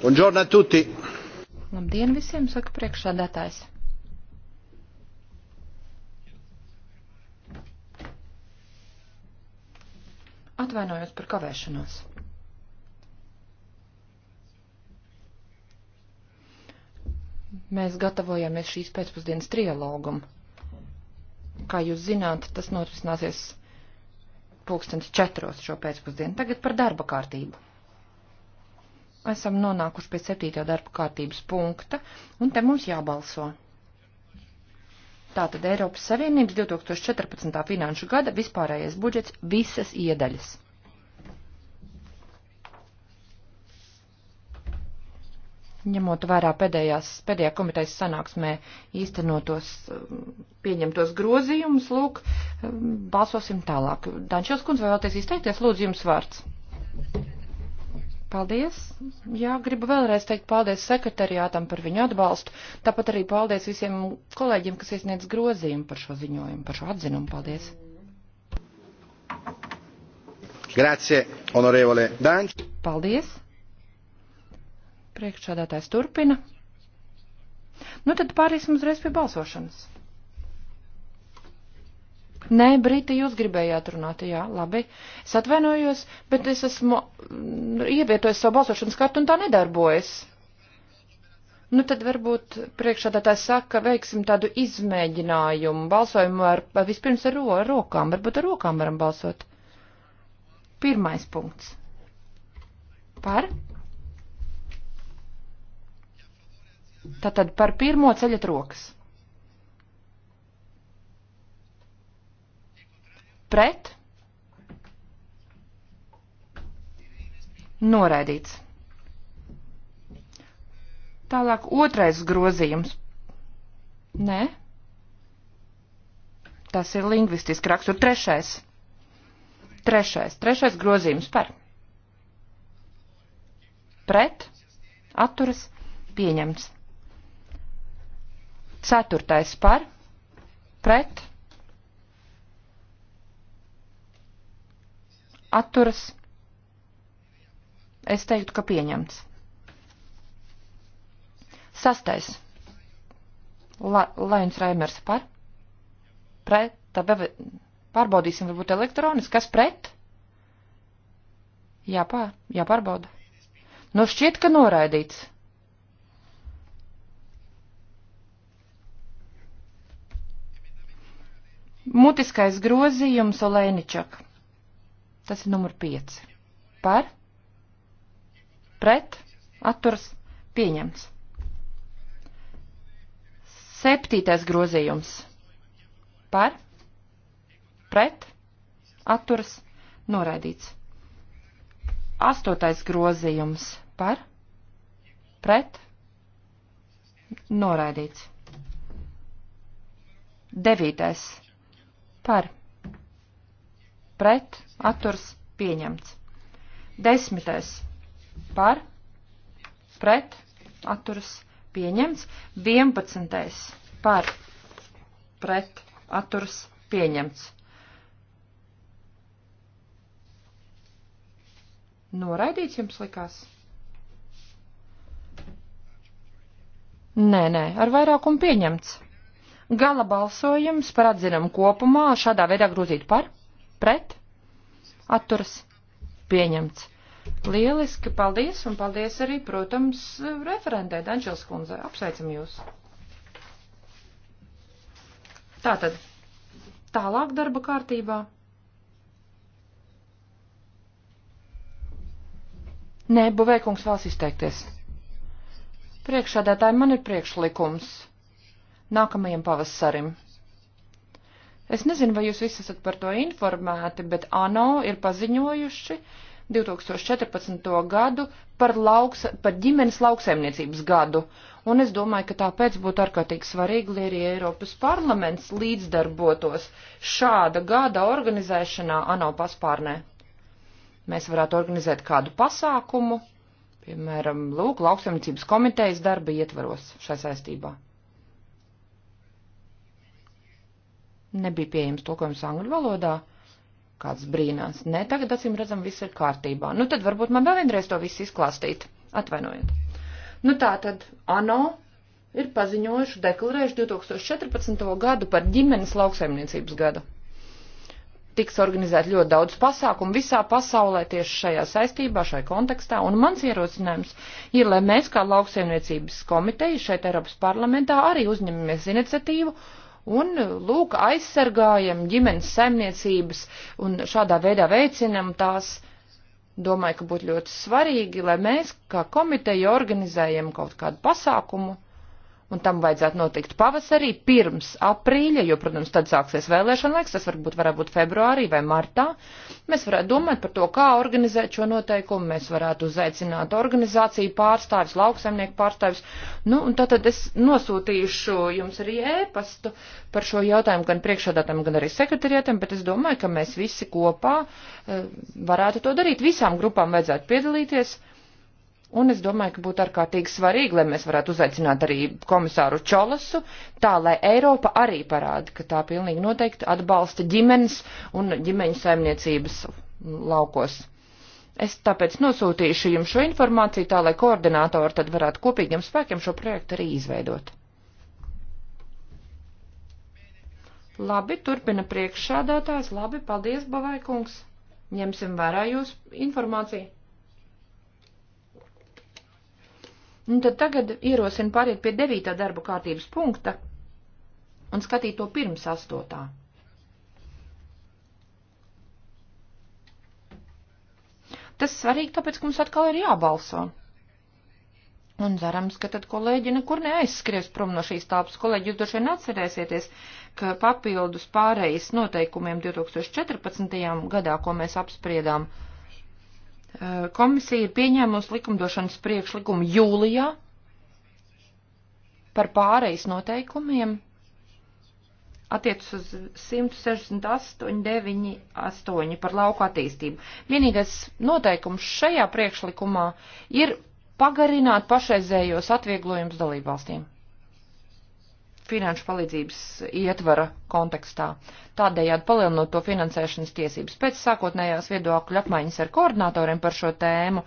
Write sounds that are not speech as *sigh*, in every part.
Buongiorno a tutti. Labdien visiem, saka priekšsādātājs. Atvainojos par kavēšanos. Mēs gatavojamies šīs pēcpusdienas trialogam. Kā jūs zināt, tas norisināsies pulkstens četros šo pēcpusdienu. Tagad par darba kārtību esam nonākuši pie septītā darba kārtības punkta, un te mums jābalso. Tātad Eiropas Savienības 2014. finanšu gada vispārējais budžets visas iedaļas. Ņemot vērā pēdējās, pēdējā komitejas sanāksmē īstenotos, pieņemtos grozījumus, lūk, balsosim tālāk. Dančels kundze, vēlaties izteikties, lūdzu jums vārds. Paldies! Jā, gribu vēlreiz teikt paldies sekretariātam par viņu atbalstu. Tāpat arī paldies visiem kolēģiem, kas iesniedz grozījumu par šo ziņojumu, par šo atzinumu. Paldies! Grazie, honorevole Danč. Paldies! Priekšsādātājs turpina. Nu tad pārīsim uzreiz pie balsošanas. Nē, Brita, jūs gribējāt runāt, jā, labi. Es atvainojos, bet es esmu mm, ievietojis savu balsošanas kartu un tā nedarbojas. Nu, tad varbūt priekšādātājs saka, veiksim tādu izmēģinājumu balsojumu ar, vispirms ar, ro, ar rokām, varbūt ar rokām varam balsot. Pirmais punkts. Par? Tātad par pirmo ceļat rokas. pret, noraidīts. Tālāk otrais grozījums. Nē? Tas ir lingvistiski rakstur trešais. Trešais. Trešais grozījums par. Pret. Atturas. Pieņemts. Ceturtais par. Pret. atturas, es teiktu, ka pieņemts. Sastais. La, Lajons Raimers par. Pret. Tā beve, pārbaudīsim varbūt elektroniski. Kas pret? Jāpā, jāpārbauda. Nu šķiet, ka noraidīts. Mutiskais grozījums Olēničak. Tas ir numur 5. Par, pret, atturs, pieņemts. Septītais grozījums. Par, pret, atturs, noraidīts. Astotais grozījums. Par, pret, noraidīts. Devītais. Par pret, atturs pieņemts. Desmitais par, pret, atturs pieņemts. Vienpadsmitais par, pret, atturs pieņemts. Noraidīts jums likās? Nē, nē, ar vairākumu pieņemts. Gala balsojums par atzinumu kopumā šādā veidā grūtīt par pret, atturas, pieņemts. Lieliski, paldies, un paldies arī, protams, referentē Dančils kundze. Apsveicam jūs. Tātad, tālāk darba kārtībā. Nē, Buvēkungs vēlas izteikties. Priekšādātāji, man ir priekšlikums nākamajam pavasarim. Es nezinu, vai jūs visi esat par to informēti, bet ANO ir paziņojuši 2014. gadu par, lauks, par ģimenes lauksaimniecības gadu. Un es domāju, ka tāpēc būtu ārkārtīgi svarīgi, lai arī Eiropas parlaments līdzdarbotos šāda gada organizēšanā ANO paspārnē. Mēs varētu organizēt kādu pasākumu, piemēram, lūk, lauksaimniecības komitejas darba ietvaros šai saistībā. Nebija pieejams tulkojums angļu valodā. Kāds brīnās. Nē, tagad acīm redzam, viss ir kārtībā. Nu tad varbūt man vēl vienreiz to visu izklāstīt. Atvainojiet. Nu tā tad, ANO ir paziņojuši, deklarējuši 2014. gadu par ģimenes lauksaimniecības gadu. Tiks organizēt ļoti daudz pasākumu visā pasaulē tieši šajā saistībā, šai kontekstā, un mans ierosinājums ir, lai mēs kā lauksaimniecības komiteja šeit Eiropas parlamentā arī uzņemamies iniciatīvu Un, lūk, aizsargājam ģimenes saimniecības un šādā veidā veicinam tās. Domāju, ka būtu ļoti svarīgi, lai mēs, kā komiteja, organizējam kaut kādu pasākumu, un tam vajadzētu notikt pavasarī, pirms aprīļa, jo, protams, tad sāksies vēlēšana laiks, tas varbūt varētu būt februārī vai martā. Mēs varētu domāt par to, kā organizēt šo noteikumu, mēs varētu uzaicināt organizāciju pārstāvis, lauksaimnieku pārstāvis. Nu, un tātad es nosūtīšu jums arī ēpastu par šo jautājumu gan priekšādātam, gan arī sekretariatam, bet es domāju, ka mēs visi kopā eh, varētu to darīt. Visām grupām vajadzētu piedalīties Un es domāju, ka būtu ārkārtīgi svarīgi, lai mēs varētu uzaicināt arī komisāru Čolosu, tā lai Eiropa arī parāda, ka tā pilnīgi noteikti atbalsta ģimenes un ģimeņu saimniecības laukos. Es tāpēc nosūtīšu jums šo informāciju tā, lai koordinātori tad varētu kopīgiem spēkiem šo projektu arī izveidot. Labi, turpina priekšsādātājs. Labi, paldies, Bavaikungs. Ņemsim vērā jūsu informāciju. Un tad tagad ierosinu pāriet pie devītā darba kārtības punkta un skatīt to pirms astotā. Tas svarīgi, tāpēc, ka mums atkal ir jābalso. Un cerams, ka tad kolēģi nekur neaizskries prom no šīs tāpas. Kolēģi, jūs droši vien atcerēsieties, ka papildus pārējais noteikumiem 2014. gadā, ko mēs apspriedām, uh, Eh, komisija ir pieņēmusi likumdošanas priekšlikumu jūlijā par pārejas noteikumiem attiec uz 168,98 par lauku attīstību. Vienīgais noteikums šajā priekšlikumā ir pagarināt pašreizējos atvieglojumus dalībvalstīm finanšu palīdzības ietvara kontekstā. Tādējādi palielinot to finansēšanas tiesības. Pēc sākotnējās viedokļu apmaiņas ar koordinatoriem par šo tēmu,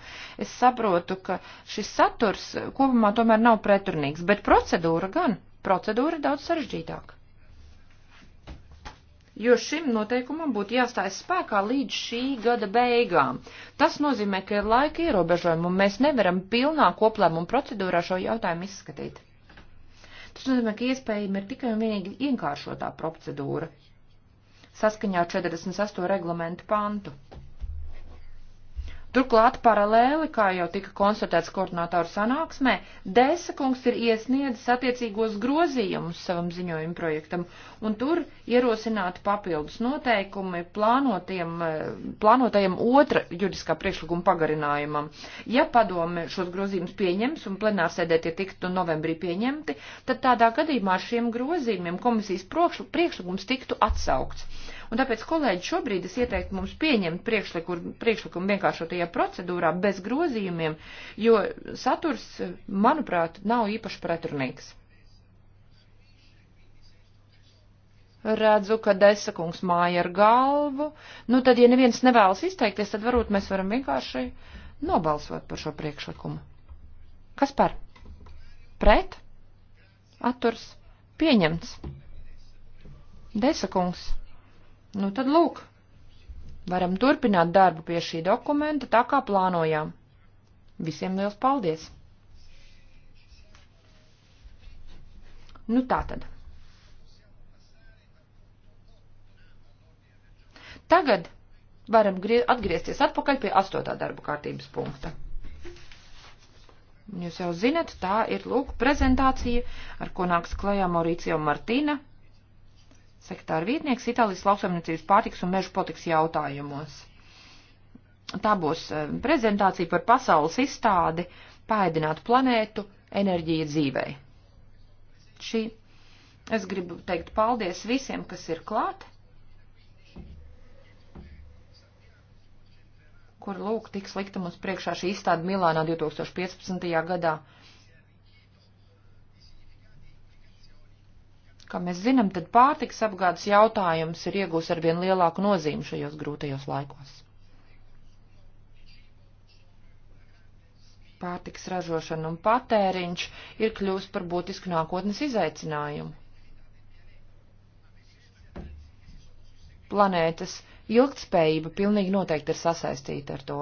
es saprotu, ka šis saturs kopumā tomēr nav pretrunīgs, bet procedūra gan. Procedūra ir daudz sarežģītāka. Jo šim noteikumam būtu jāstājas spēkā līdz šī gada beigām. Tas nozīmē, ka ir laika ierobežojumi un mēs nevaram pilnā koplēmuma procedūrā šo jautājumu izskatīt. Tas nozīmē, ka iespējama ir tikai un vienīgi vienkāršotā procedūra saskaņā 48 reglamentu pantu. Turklāt paralēli, kā jau tika konstatēts koordinātoru sanāksmē, Dēsakungs ir iesniedzis attiecīgos grozījumus savam ziņojumu projektam, un tur ierosināti papildus noteikumi eh, plānotajam otra juridiskā priekšlikuma pagarinājumam. Ja padome šos grozījumus pieņems un plenārsēdē tie tiktu novembrī pieņemti, tad tādā gadījumā ar šiem grozījumiem komisijas priekšlikums tiktu atsaukts Un tāpēc, kolēģi, šobrīd es ieteiktu mums pieņemt priekšlikumu, priekšlikumu vienkāršotajā procedūrā bez grozījumiem, jo saturs, manuprāt, nav īpaši pretrunīgs. redzu, ka desakungs māja ar galvu. Nu, tad, ja neviens nevēlas izteikties, tad varbūt mēs varam vienkārši nobalsot par šo priekšlikumu. Kas par? Pret? Atturs? Pieņemts. Desakungs. Nu tad lūk, varam turpināt darbu pie šī dokumenta tā kā plānojām. Visiem liels paldies! Nu tā tad. Tagad varam atgriezties atpakaļ pie astotā darba kārtības punkta. Jūs jau zinat, tā ir lūk prezentācija, ar ko nāks klajā Mauricio Martīna, sektāra vietnieks Itālijas lauksaimniecības pārtiks un mežu politikas jautājumos. Tā būs e, prezentācija par pasaules izstādi Pāēdināt planētu enerģija dzīvei. Šī es gribu teikt paldies visiem, kas ir klāt, kur lūk tiks likta mums priekšā šī izstāde Milānā 2015. gadā. Kā mēs zinām, tad pārtiks apgādes jautājums ir iegūs ar vien lielāku nozīmi šajos grūtajos laikos. Pārtiks ražošana un patēriņš ir kļūst par būtisku nākotnes izaicinājumu. Planētas ilgtspējība pilnīgi noteikti ir sasaistīta ar to.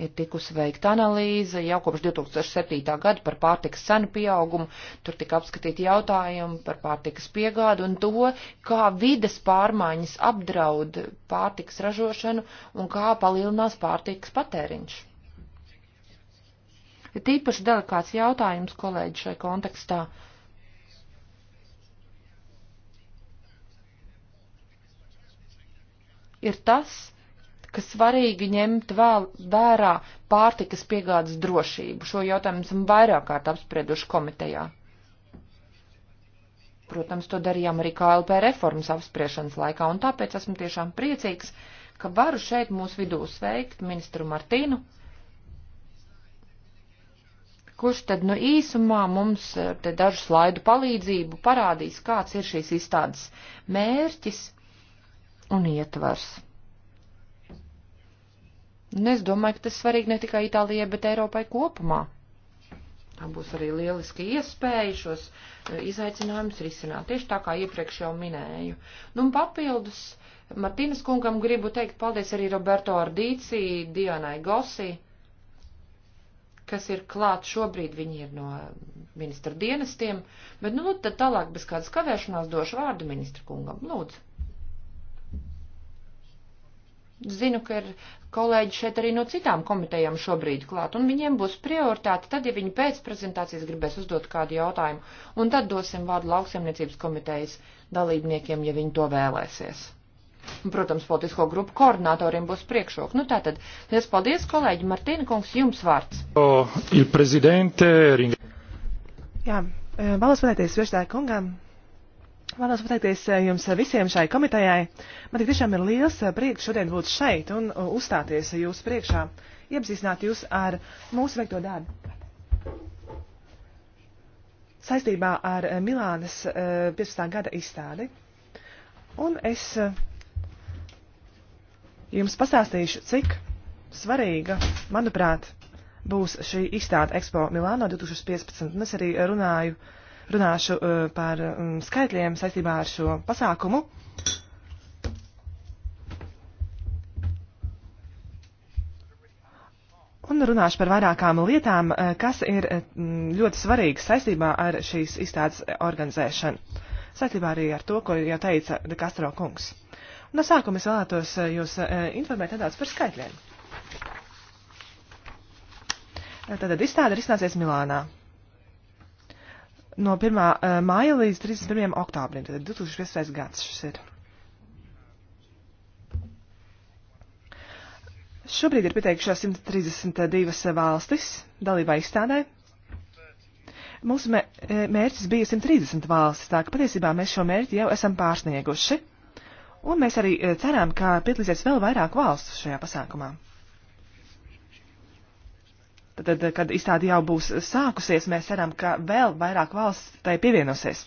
ir tikusi veikta analīze jau kopš 2007. gada par pārtikas cenu pieaugumu, tur tika apskatīti jautājumi par pārtikas piegādu un to, kā vides pārmaiņas apdraud pārtikas ražošanu un kā palielinās pārtikas patēriņš. Ir tīpaši delikāts jautājums, kolēģi, šai kontekstā. Ir tas, ka svarīgi ņemt vēl vērā pārtikas piegādes drošību. Šo jautājumu esam vairāk kārt apsprieduši komitejā. Protams, to darījām arī KLP reformas apspriešanas laikā, un tāpēc esmu tiešām priecīgs, ka varu šeit mūsu vidū sveikt ministru Martīnu, kurš tad nu īsumā mums eh, te dažu slaidu palīdzību parādīs, kāds ir šīs izstādes mērķis un ietvars. Un nu, es domāju, ka tas svarīgi ne tikai Itālijai, bet Eiropai kopumā. Tā būs arī lieliski iespēja šos e, izaicinājumus risināt, tieši tā kā iepriekš jau minēju. Nu, un papildus Martīnas kungam gribu teikt paldies arī Roberto Ardīcī, Dianai Gosi, kas ir klāt šobrīd, viņi ir no ministra dienestiem, bet, nu, nu tad tālāk bez kādas kavēšanās došu vārdu ministra kungam. Lūdzu. Zinu, ka ir kolēģi šeit arī no citām komitejām šobrīd klāt, un viņiem būs prioritāte, tad, ja viņi pēc prezentācijas gribēs uzdot kādu jautājumu, un tad dosim vārdu lauksaimniecības komitejas dalībniekiem, ja viņi to vēlēsies. Un, protams, politisko grupu koordinatoriem būs priekšroka. Nu tātad, liels paldies, kolēģi Martīna kungs, jums vārds. O, Jā, e, vēlos pateikties virstāju kungam Vēlos pateikties eh, jums eh, visiem šai komitejai. Man tik tiešām ir liels eh, prieks šodien būt šeit un uzstāties jūsu priekšā, iepazīstināt jūs ar mūsu veikto darbu. Saistībā ar Milānas 15. gada izstādi. Un es jums pastāstīšu, cik svarīga, manuprāt, būs šī izstāde Expo Milāno 2015. Un es arī runāju uh, runāšu eh, par mm, skaitļiem saistībā ar šo pasākumu. Un runāšu par vairākām lietām, eh, kas ir eh, mm, ļoti svarīgas saistībā ar šīs izstādes organizēšanu. Saistībā arī ar to, ko jau teica De Castro kungs. No sākuma es vēlētos jūs informēt nedaudz par skaitļiem. Tātad izstāde ir iznācies Milānā no 1. Eh, māja līdz 31. oktobrim, tad 2015. gads šis ir. Šobrīd ir pieteikušās 132 valstis dalībā izstādē. Mūsu eh, mērķis bija 130 valstis, tā ka patiesībā mēs šo mērķi jau esam pārsnieguši. Un mēs arī eh, ceram, ka piedalīsies vēl vairāk valstu šajā pasākumā. Tad, kad izstāde jau būs sākusies, mēs ceram, ka vēl vairāk valsts tai pievienosies.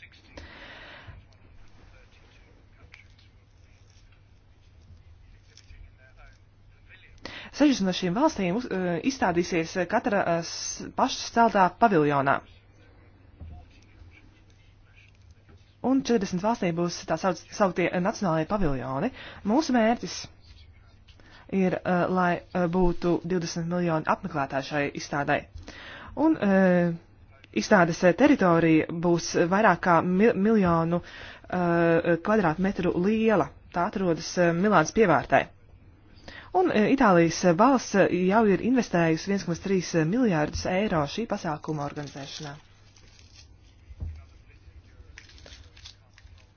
Sešas no šīm valstīm eh, izstādīsies katra eh, pašas celtā paviljonā. Un 40 valstīm būs tā sauktie nacionālajie paviljoni. Mūsu mērķis ir, eh, lai eh, būtu 20 miljoni apmeklētāju šai izstādai. Un eh, izstādes teritorija būs vairāk kā mi miljonu kvadrātmetru liela. Tā atrodas Milāns pievārtai. Un Itālijas valsts jau ir investējusi 1,3 miljārdus eiro šī pasākuma organizēšanā.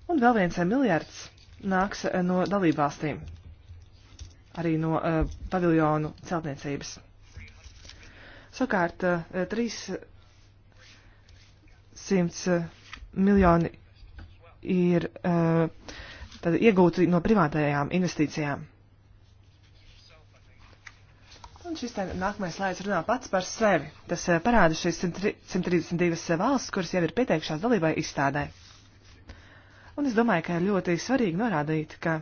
Un vēl viens miljārds nāks no dalībvalstīm arī no uh, paviljonu celtniecības. Sakārt, uh, 300 miljoni ir uh, iegūti no privātajām investīcijām. Un šis te nākamais slaids runā pats par sevi. Tas eh, parāda šīs 132 valsts, kuras jau ir pieteikšās dalībai izstādē. Un es domāju, ka ir ļoti svarīgi norādīt, ka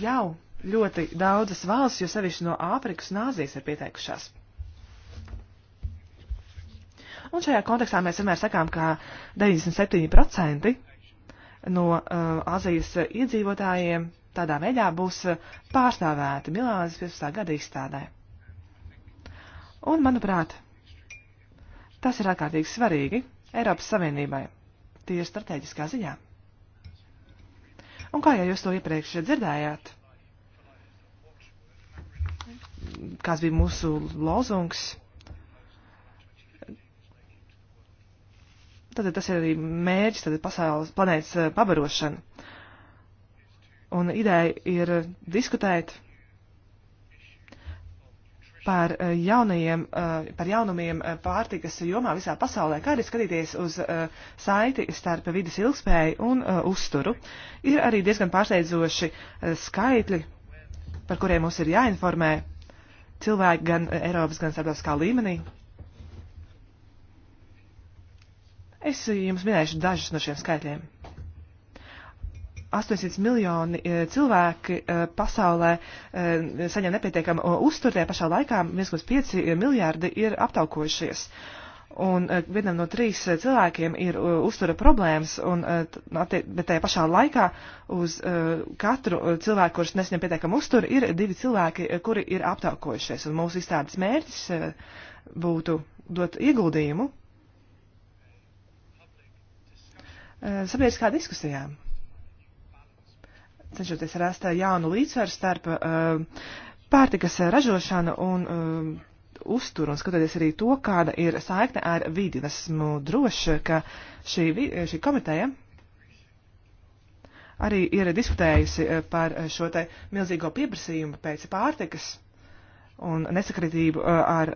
jau ļoti daudzas valsts, jo sevišķi no Āfrikas un Āzijas ir pieteikušās. Un šajā kontekstā mēs vienmēr sakām, ka 97% no uh, Azijas iedzīvotājiem tādā veidā būs uh, pārstāvēti Milānas 15. gada izstādē. Un, manuprāt, tas ir ārkārtīgi svarīgi Eiropas Savienībai, tīri strateģiskā ziņā. Un kā jau jūs to iepriekš dzirdējāt? Kāds bija mūsu lozungs? Tad tas ir arī mērķis, tad ir pasaules planētas eh, pabarošana. Un ideja ir diskutēt par, eh, jaunajiem, eh, par jaunumiem eh, pārtikas jomā visā pasaulē, kā arī skatīties uz saiti starp vidas ilgspēju un uzturu. Ir arī diezgan pārsteidzoši skaitļi, par kuriem mums ir jāinformē cilvēki gan Eiropas, gan starptautiskā līmenī. Es jums minēšu dažus no šiem skaitļiem. 800 miljoni eh, cilvēki eh, pasaulē eh, saņem nepietiekamu uzturu, tajā pašā laikā 1,5 miljārdi ir aptaukojušies. Un vienam no trīs cilvēkiem ir uztura problēmas, un, nu, bet tajā pašā laikā uz katru cilvēku, kurš nesaņem pietiekamu uzturu, ir divi cilvēki, kuri ir aptaukojušies. Un mūsu izstādes mērķis būtu dot ieguldījumu sabiedriskā diskusijā cenšoties rast eh, jaunu līdzsvaru starp uh, pārtikas ražošanu un uh, uzturu un skatoties arī to, kāda ir saikne ar vidi. Esmu droša, ka šī, šī komiteja arī ir diskutējusi par šo te milzīgo pieprasījumu pēc pārtikas un nesakritību ar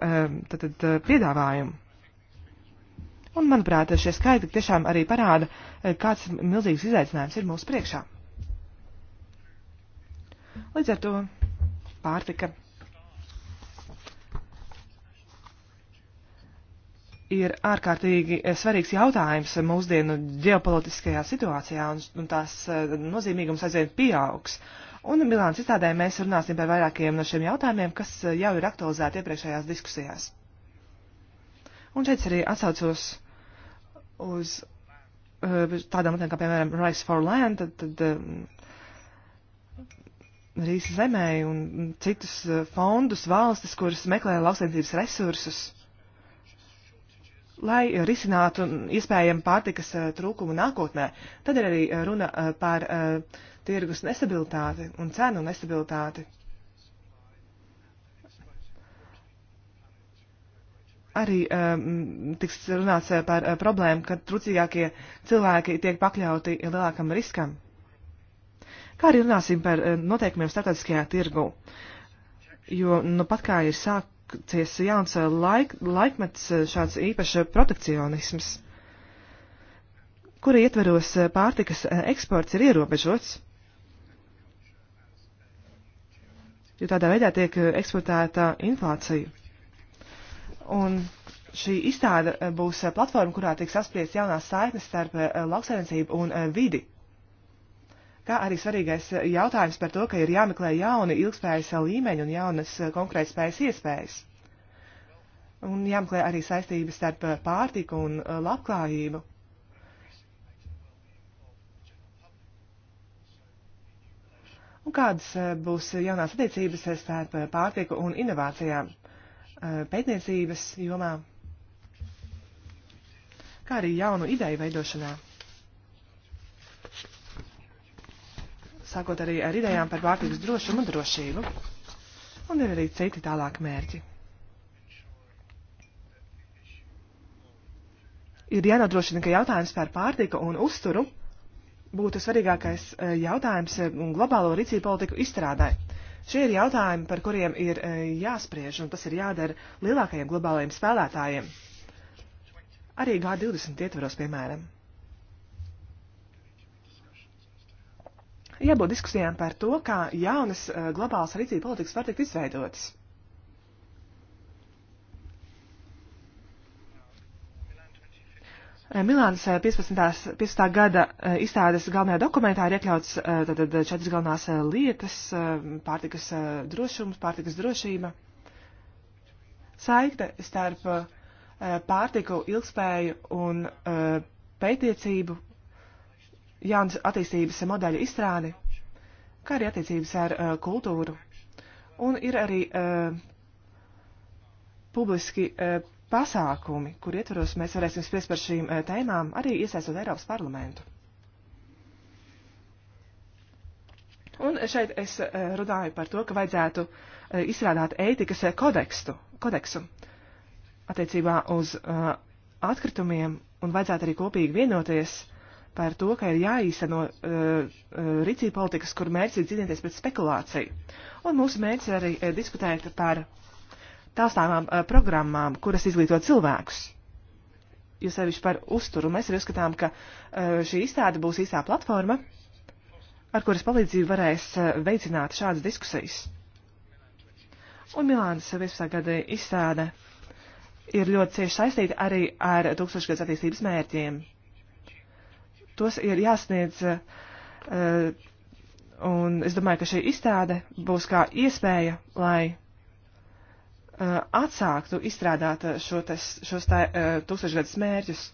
tad, tad, piedāvājumu. Un, manuprāt, šie skaitļi tiešām arī parāda, kāds milzīgs izaicinājums ir mūsu priekšā. Līdz ar to pārtika ir ārkārtīgi svarīgs jautājums mūsdienu ģeopolitiskajā situācijā, un, un tās eh, nozīmīgums aizvien pieaugs. Un Milāns izstādē mēs runāsim par vairākiem no šiem jautājumiem, kas eh, jau ir aktualizēti iepriekšējās diskusijās. Un šeit arī atsaucos uz eh, tādām lietām, kā piemēram Rice for Land, tad, tad Rīsa zemē un citus e, fondus, valstis, kuras meklē lauksaimniecības resursus, lai risinātu iespējamu pārtikas e, trūkumu nākotnē. Tad ir arī e, runa par tirgus nestabilitāti un cenu nestabilitāti. arī um, tiks runāts par problēmu, ka trūcīgākie cilvēki tiek pakļauti lielākam riskam kā arī runāsim par eh, noteikumiem starptautiskajā tirgu. Jo, nu, pat kā ir sācies jauns eh, laik, laikmets eh, šāds īpašs protekcionisms, kura ietveros pārtikas eksports ir ierobežots, jo tādā veidā tiek eksportēta inflācija. Un šī izstāde būs platforma, kurā tiks apspriest jaunās saiknes starp lauksaimniecību un vidi kā arī svarīgais eh, jautājums par to, ka ir jāmeklē jauni ilgspējas eh, līmeņi un jaunas eh, konkrētspējas iespējas. Un jāmeklē arī saistības starp pārtiku un labklājību. Un kādas būs jaunās attiecības starp pārtiku un inovācijām pētniecības jomā, kā arī jaunu ideju veidošanā? sākot arī ar idejām par pārtikas drošumu un drošību. Un ir arī citi tālāk mērķi. Ir jānodrošina, ka jautājums par pārtiku un uzturu būtu svarīgākais eh, jautājums eh, globālo rīcību politiku izstrādē. Šie ir jautājumi, par kuriem ir eh, jāspriež, un tas ir jādara lielākajiem globālajiem spēlētājiem. Arī G20 ietvaros, piemēram. jābūt diskusijām par to, kā jaunas eh, globālas rīcība politikas var tikt izveidotas. Eh, Milānas 15. Eh, 15. gada izstādes galvenajā dokumentā ir iekļauts tātad četras galvenās lietas - pārtikas drošums, pārtikas drošība, saikne starp pārtiku, ilgspēju un pētniecību jaunas attīstības modeļu izstrādi, kā arī attiecības ar uh, kultūru. Un ir arī uh, publiski uh, pasākumi, kur ietvaros mēs varēsim spriest par šīm uh, tēmām, arī iesaistot Eiropas parlamentu. Un šeit es uh, runāju par to, ka vajadzētu uh, izstrādāt ētikas uh, kodekstu, kodeksu attiecībā uz uh, atkritumiem un vajadzētu arī kopīgi vienoties uh, par to, ka ir jāīsteno uh, eh, eh, rīcība politikas, kur mērķis ir cīnīties pret spekulāciju. Un mūsu mērķis ir arī uh, diskutēt par tāstāmām uh, programmām, kuras izglīto cilvēkus. Jo sevišķi par uzturu mēs arī uzskatām, ka uh, šī izstāde būs īstā platforma, ar kuras palīdzību varēs uh, veicināt šādas diskusijas. Un Milānas 15. gada izstāde ir ļoti cieši saistīta arī ar tūkstošgads attīstības mērķiem tos ir jāsniedz. Eh, un es domāju, ka šī izstāde būs kā iespēja, lai eh, atsāktu izstrādāt eh, šo tes, šos tā, tūkstošgadus mērķus.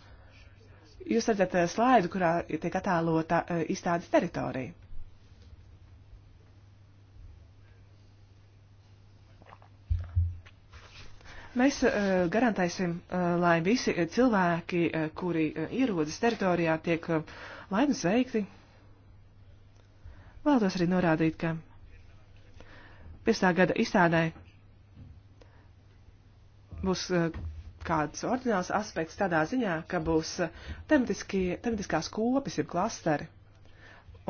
Jūs redzat slaidu, kurā tiek attēlota izstādes teritorija. Mēs eh, garantēsim, eh, lai visi eh, cilvēki, kuri ierodas teritorijā, tiek laimīgi sveikti. Vēlos arī norādīt, ka 5. gada izstādē būs kāds ordināls aspekts tādā ziņā, ka būs tematiskās kopas, jeb klasteri.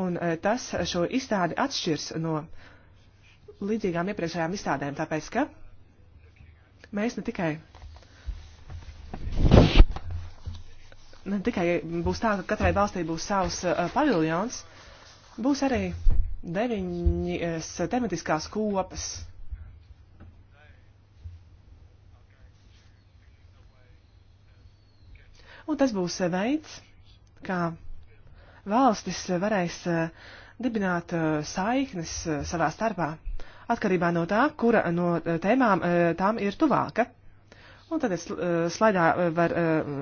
Un tas šo izstādi atšķirs no līdzīgām iepriekšējām izstādēm, tāpēc, ka Mēs ne tikai. Ne tikai būs tā, ka katrai valstī būs savs uh, paviljons, būs arī deviņas tematiskās kopas. Un tas būs veids, kā valstis varēs uh, dibināt uh, saiknes uh, savā starpā atkarībā no tā, kura no eh, tēmām eh, tām ir tuvāka. Un tad es eh, slaidā var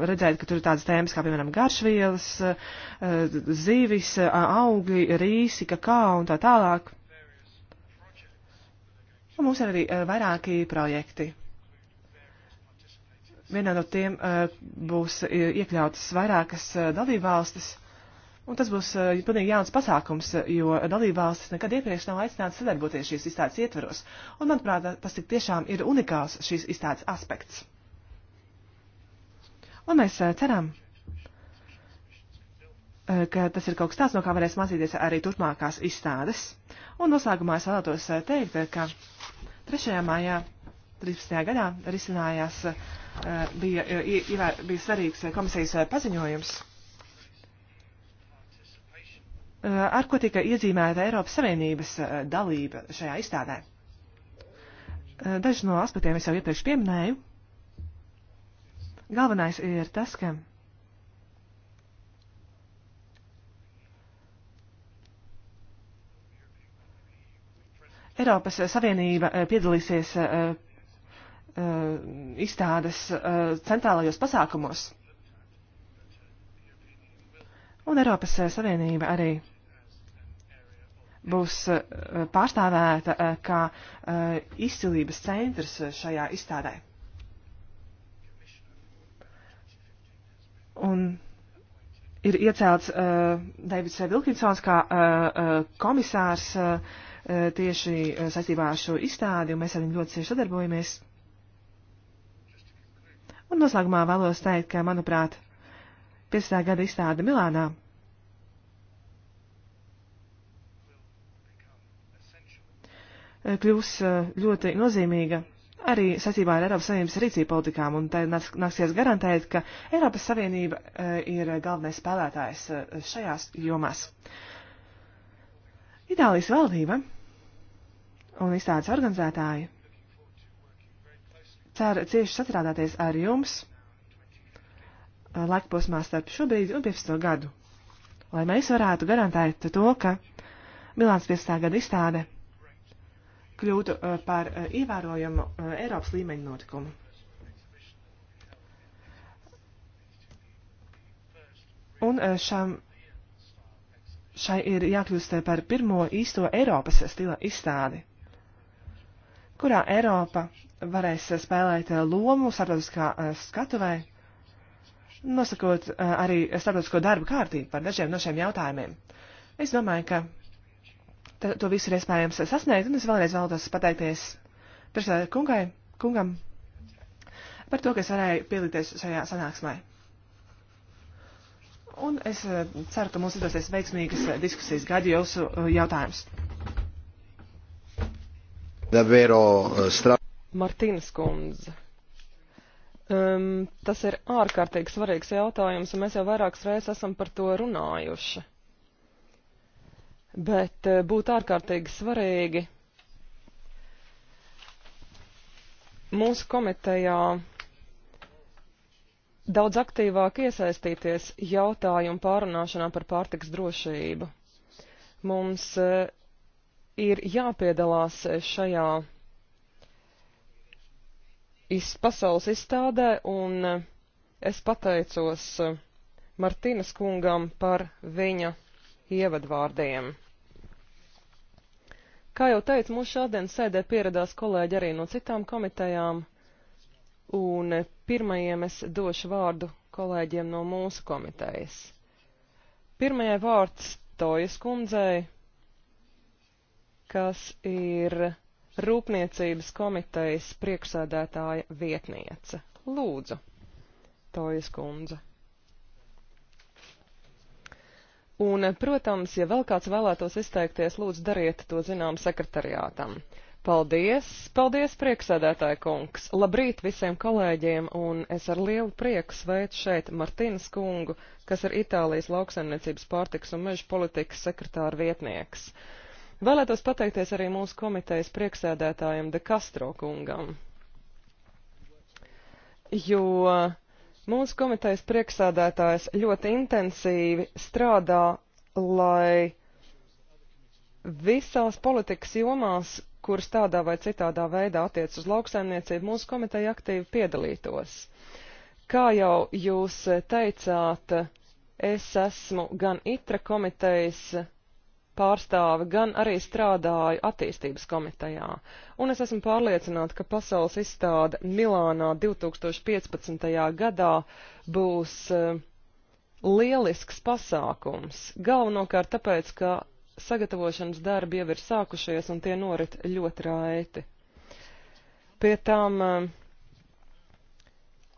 redzēt, ka tur ir tādas tēmas kā, piemēram, garšvielas, zīvis, augļi, rīsi, kakā un tā tālāk. Un mums ir arī vairāki projekti. Vienā no tiem būs iekļautas vairākas dalībvalstis. Un tas būs uh, pilnīgi jauns pasākums, jo dalībvalstis nekad iepriekš nav aicināts sadarboties šīs izstādes ietveros. Un, manuprāt, tas tik tiešām ir unikāls šīs izstādes aspekts. Un mēs uh, ceram, uh, ka tas ir kaut kas tāds, no kā varēs mācīties arī turpmākās izstādes. Un noslēgumā es vēlētos uh, teikt, ka 3. maijā 13. gadā risinājās, uh, bija, uh, bija svarīgs komisijas paziņojums Eh, ar ko tika iezīmēta Eiropas Savienības eh, dalība šajā izstādē. Eh, Daži no aspektiem es jau iepriekš pieminēju. Galvenais ir tas, ka Eiropas Savienība piedalīsies izstādes centrālajos pasākumos. Un Eiropas Savienība arī būs eh, pārstāvēta eh, kā eh, izcilības centrs šajā izstādē. Un ir iecelts Deivids Vilkinsons kā komisārs tieši saistībā ar šo izstādi, un mēs ar viņu ļoti cieši sadarbojamies. Un noslēgumā vēlos teikt, ka, manuprāt, 15. gada izstāde Milānā Eh, kļūs eh, ļoti nozīmīga arī saistībā ar Eiropas Savienības rīcību politikām, un tai nāksies garantēt, ka Eiropas Savienība eh, ir galvenais spēlētājs šajās jomās. Itālijas valdība un izstādes organizētāji cer cieši sastrādāties ar jums laikposmā starp šobrīd un 15. gadu, lai mēs varētu garantēt to, ka Milāns 15. gada izstāde kļūtu eh, par eh, ievērojumu eh, Eiropas līmeņa notikumu. Un šām, šai ir jākļūst par pirmo īsto Eiropas stila izstādi, kurā Eiropa varēs spēlēt lomu starptautiskā skatuvē, nosakot arī starptautisko darbu kārtību par dažiem no šiem jautājumiem. Es domāju, ka tā, to visu ir iespējams sasniegt, un es vēlreiz vēlos pateikties priekšsēdē kungai, kungam par to, ka es varēju piedalīties šajā sanāksmē. Un es eh, ceru, ka mums izdosies veiksmīgas eh, diskusijas gadi jūsu eh, jautājums. Martīnas kundze. Um, tas ir ārkārtīgi svarīgs jautājums, un mēs jau vairākas reizes esam par to runājuši bet eh, būtu ārkārtīgi svarīgi mūsu komitejā daudz aktīvāk iesaistīties jautājumu pārunāšanā par pārtiks drošību. Mums eh, ir jāpiedalās šajā iz pasaules izstādē, un eh, es pateicos Martīnas kungam par viņa ievadvārdiem. Kā jau teicu, mūsu šodienas sēdē pieradās kolēģi arī no citām komitejām, un pirmajiem es došu vārdu kolēģiem no mūsu komitejas. Pirmajai vārds Tojas kundzei, kas ir Rūpniecības komitejas priekšsēdētāja vietniece. Lūdzu, Tojas kundze. Un, protams, ja vēl kāds vēlētos izteikties, lūdzu dariet to zinām sekretariātam. Paldies, paldies, prieksēdētāja kungs! Labrīt visiem kolēģiem, un es ar lielu prieku sveicu šeit Martīnas kungu, kas ir Itālijas lauksaimniecības pārtiks un meža politikas sekretāra vietnieks. Vēlētos pateikties arī mūsu komitejas prieksēdētājam De Castro kungam, jo Mūsu komitejas priekšsādētājs ļoti intensīvi strādā, lai visās politikas jomās, kuras tādā vai citādā veidā attiec uz lauksaimniecību, mūsu komiteja aktīvi piedalītos. Kā jau jūs teicāt, es esmu gan ITRA komitejas pārstāve, gan arī strādāju attīstības komitejā, un es esmu pārliecināta, ka pasaules izstāde Milānā 2015. gadā būs eh, lielisks pasākums, galvenokārt tāpēc, ka sagatavošanas darbi jau ir sākušies un tie norit ļoti raiti. Pie tām uh, eh,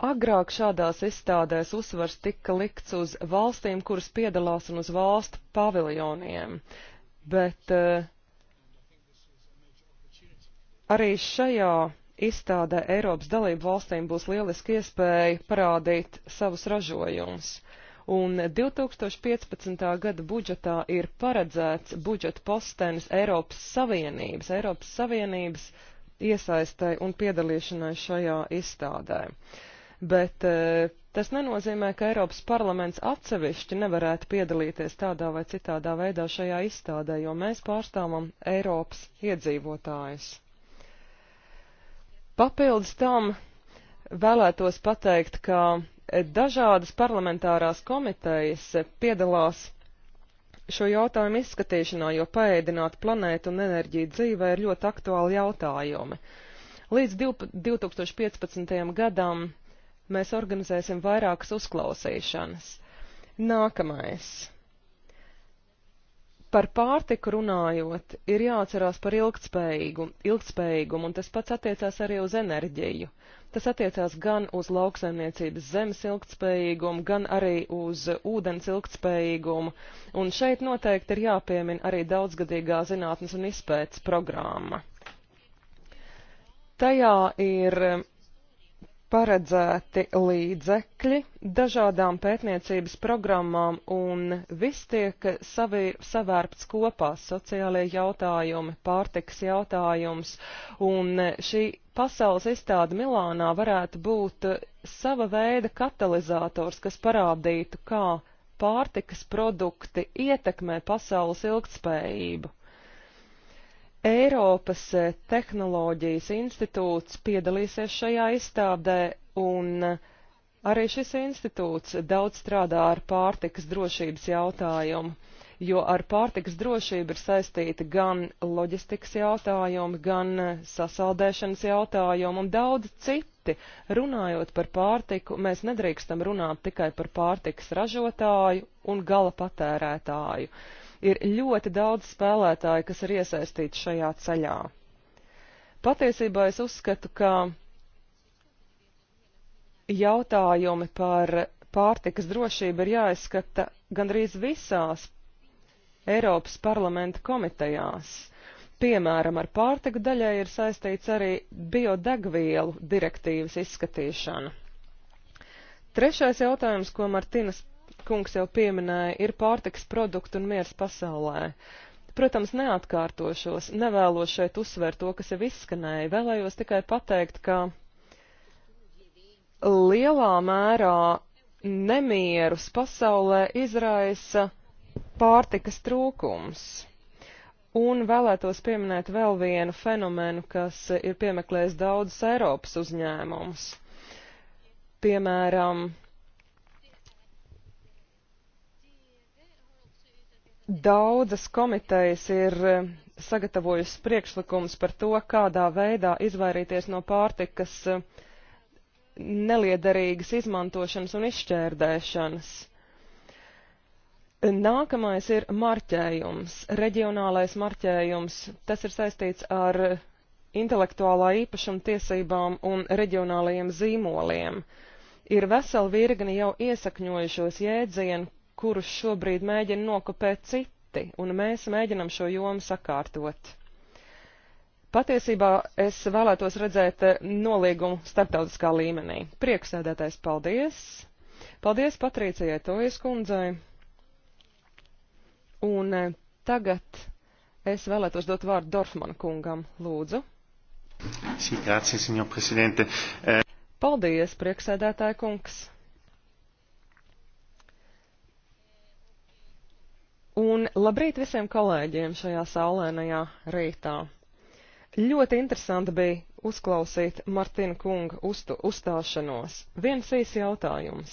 Agrāk šādās izstādēs uzsvars tika likts uz valstīm, kuras piedalās un uz valstu paviljoniem, bet uh, arī šajā izstādē Eiropas dalību valstīm būs lieliski iespēja parādīt savus ražojumus. Un 2015. gada budžetā ir paredzēts budžeta postenis Eiropas Savienības, Eiropas Savienības iesaistai un piedalīšanai šajā izstādē. Uh, bet eh, tas nenozīmē, ka Eiropas parlaments atsevišķi nevarētu piedalīties tādā vai citādā veidā šajā izstādē, jo mēs pārstāvam Eiropas iedzīvotājus. Papildus tam vēlētos pateikt, ka dažādas parlamentārās komitejas piedalās šo jautājumu izskatīšanā, jo paēdināt planētu un enerģiju dzīvē ir ļoti aktuāli jautājumi. Līdz 2015. gadam mēs organizēsim vairākas uzklausīšanas. Nākamais. Par pārtiku runājot, ir jāatcerās par ilgtspējīgu, ilgtspējīgumu, un tas pats attiecās arī uz enerģiju. Tas attiecās gan uz lauksaimniecības zemes ilgtspējīgumu, gan arī uz ūdens ilgtspējīgumu, un šeit noteikti ir jāpiemina arī daudzgadīgā zinātnes un izpētes programma. Tajā ir paredzēti līdzekļi dažādām pētniecības programmām un viss tiek savi, savērpts kopā - sociālie jautājumi, pārtiks jautājums, un šī pasaules izstāde Milānā varētu būt sava veida katalizators, kas parādītu, kā pārtikas produkti ietekmē pasaules ilgtspējību. Eiropas e, tehnoloģijas institūts piedalīsies šajā izstādē, un e, arī šis institūts daudz strādā ar pārtikas drošības jautājumu, jo ar pārtikas drošību ir saistīti gan loģistikas jautājumi, gan e, sasaldēšanas jautājumi un daudz citi. Runājot par pārtiku, mēs nedrīkstam runāt tikai par pārtikas ražotāju un gala patērētāju. Uh, Ir ļoti daudz spēlētāju, kas ir iesaistīti šajā ceļā. Patiesībā es uzskatu, ka jautājumi par pārtikas drošību ir jāizskata gandrīz visās Eiropas parlamenta komitejās. Piemēram, ar pārtiku daļai ir saistīts arī biodegvielu direktīvas izskatīšana. Trešais jautājums, ko Martinas kungs jau pieminēja, ir pārtiks produktu un miers pasaulē. Protams, neatkārtošos, nevēlos šeit uzsvērt to, kas jau izskanēja, vēlējos tikai pateikt, ka lielā mērā nemierus pasaulē izraisa pārtikas trūkums. Un vēlētos pieminēt vēl vienu fenomenu, kas ir piemeklējis daudzus Eiropas uzņēmumus. Piemēram, daudzas komitejas ir eh, sagatavojusi priekšlikumus par to, kādā veidā izvairīties no pārtikas eh, neliederīgas izmantošanas un izšķērdēšanas. Nākamais ir marķējums, reģionālais marķējums. Tas ir saistīts ar intelektuālā īpašuma tiesībām un reģionālajiem zīmoliem. Ir vesela virkni jau iesakņojušos jēdzienu, kurus šobrīd mēģina nokopēt citi, un mēs mēģinam šo jomu sakārtot. Patiesībā es vēlētos redzēt nolīgumu starptautiskā līmenī. Prieksēdētais paldies! Paldies Patricijai Tojas kundzai! Un eh, tagad es vēlētos dot vārdu Dorfmana kungam, lūdzu. Sī, grācija, signor prezidente. Eh, paldies, prieksēdētāja kungs! Un labrīt visiem kolēģiem šajā saulēnajā rītā. Ļoti interesanti bija uzklausīt Martina kunga uztu, uzstāšanos. Viens īs jautājums.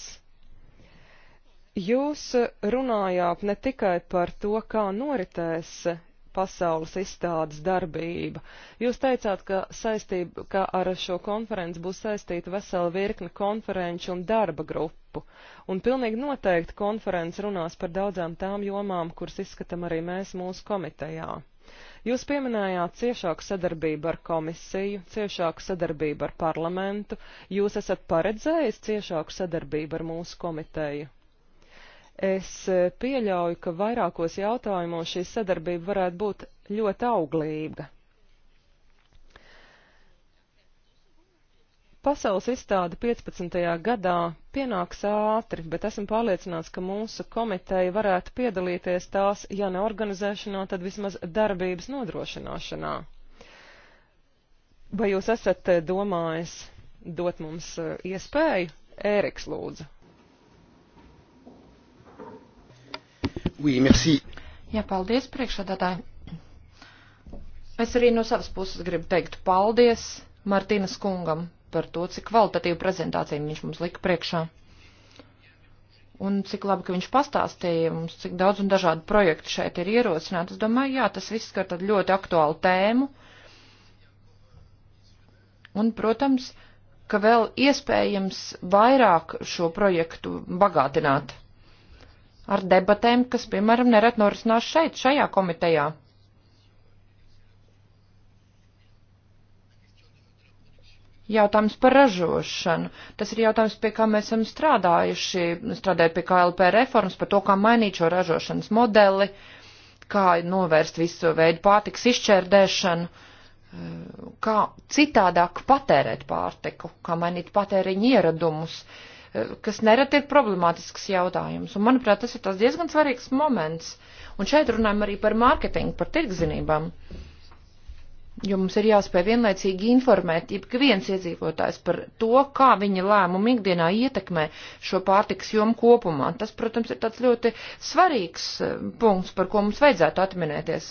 Jūs runājāt ne tikai par to, kā noritēs pasaules izstādes darbība. Jūs teicāt, ka, saistība, ka ar šo konferenci būs saistīta vesela virkne konferenču un darba grupu, un pilnīgi noteikti konferences runās par daudzām tām jomām, kuras izskatām arī mēs mūsu komitejā. Jūs pieminējāt ciešāku sadarbību ar komisiju, ciešāku sadarbību ar parlamentu. Jūs esat paredzējis ciešāku sadarbību ar mūsu komiteju? Es e, pieļauju, ka vairākos jautājumos šī sadarbība varētu būt ļoti auglīga. Pasaules izstāde 15. gadā pienāks ātri, bet esmu pārliecināts, ka mūsu komiteja varētu piedalīties tās, ja ne organizēšanā, tad vismaz darbības nodrošināšanā. Vai jūs esat e, domājis dot mums e, iespēju? Ēriks lūdzu. Oui, merci. Jā, paldies, priekšādātāji. Es arī no savas puses gribu teikt paldies Martīnas kungam par to, cik kvalitatīvu prezentāciju viņš mums lika priekšā. Un cik labi, ka viņš pastāstīja mums, cik daudz un dažādu projektu šeit ir ierosināti. Es domāju, jā, tas viss skar tad ļoti aktuālu tēmu. Un, protams, ka vēl iespējams vairāk šo projektu bagātināt ar debatēm, kas, piemēram, neret norisinās šeit, šajā komitejā. Jautājums par ražošanu. Tas ir jautājums, pie kā mēs esam strādājuši, strādājot pie KLP reformas, par to, kā mainīt šo ražošanas modeli, kā novērst visu veidu pārtiks izšķērdēšanu, kā citādāk patērēt pārtiku, kā mainīt patēriņu ieradumus. Uh, kas nereti ir problemātisks jautājums. Un, manuprāt, tas ir tas diezgan svarīgs moments. Un šeit runājam arī par mārketingu, par tirgzinībām. Jo mums ir jāspēj vienlaicīgi informēt ikviens iedzīvotājs par to, kā viņa lēmumu ikdienā ietekmē šo pārtikas jomu kopumā. Tas, protams, ir tāds ļoti svarīgs eh, punkts, par ko mums vajadzētu atminēties.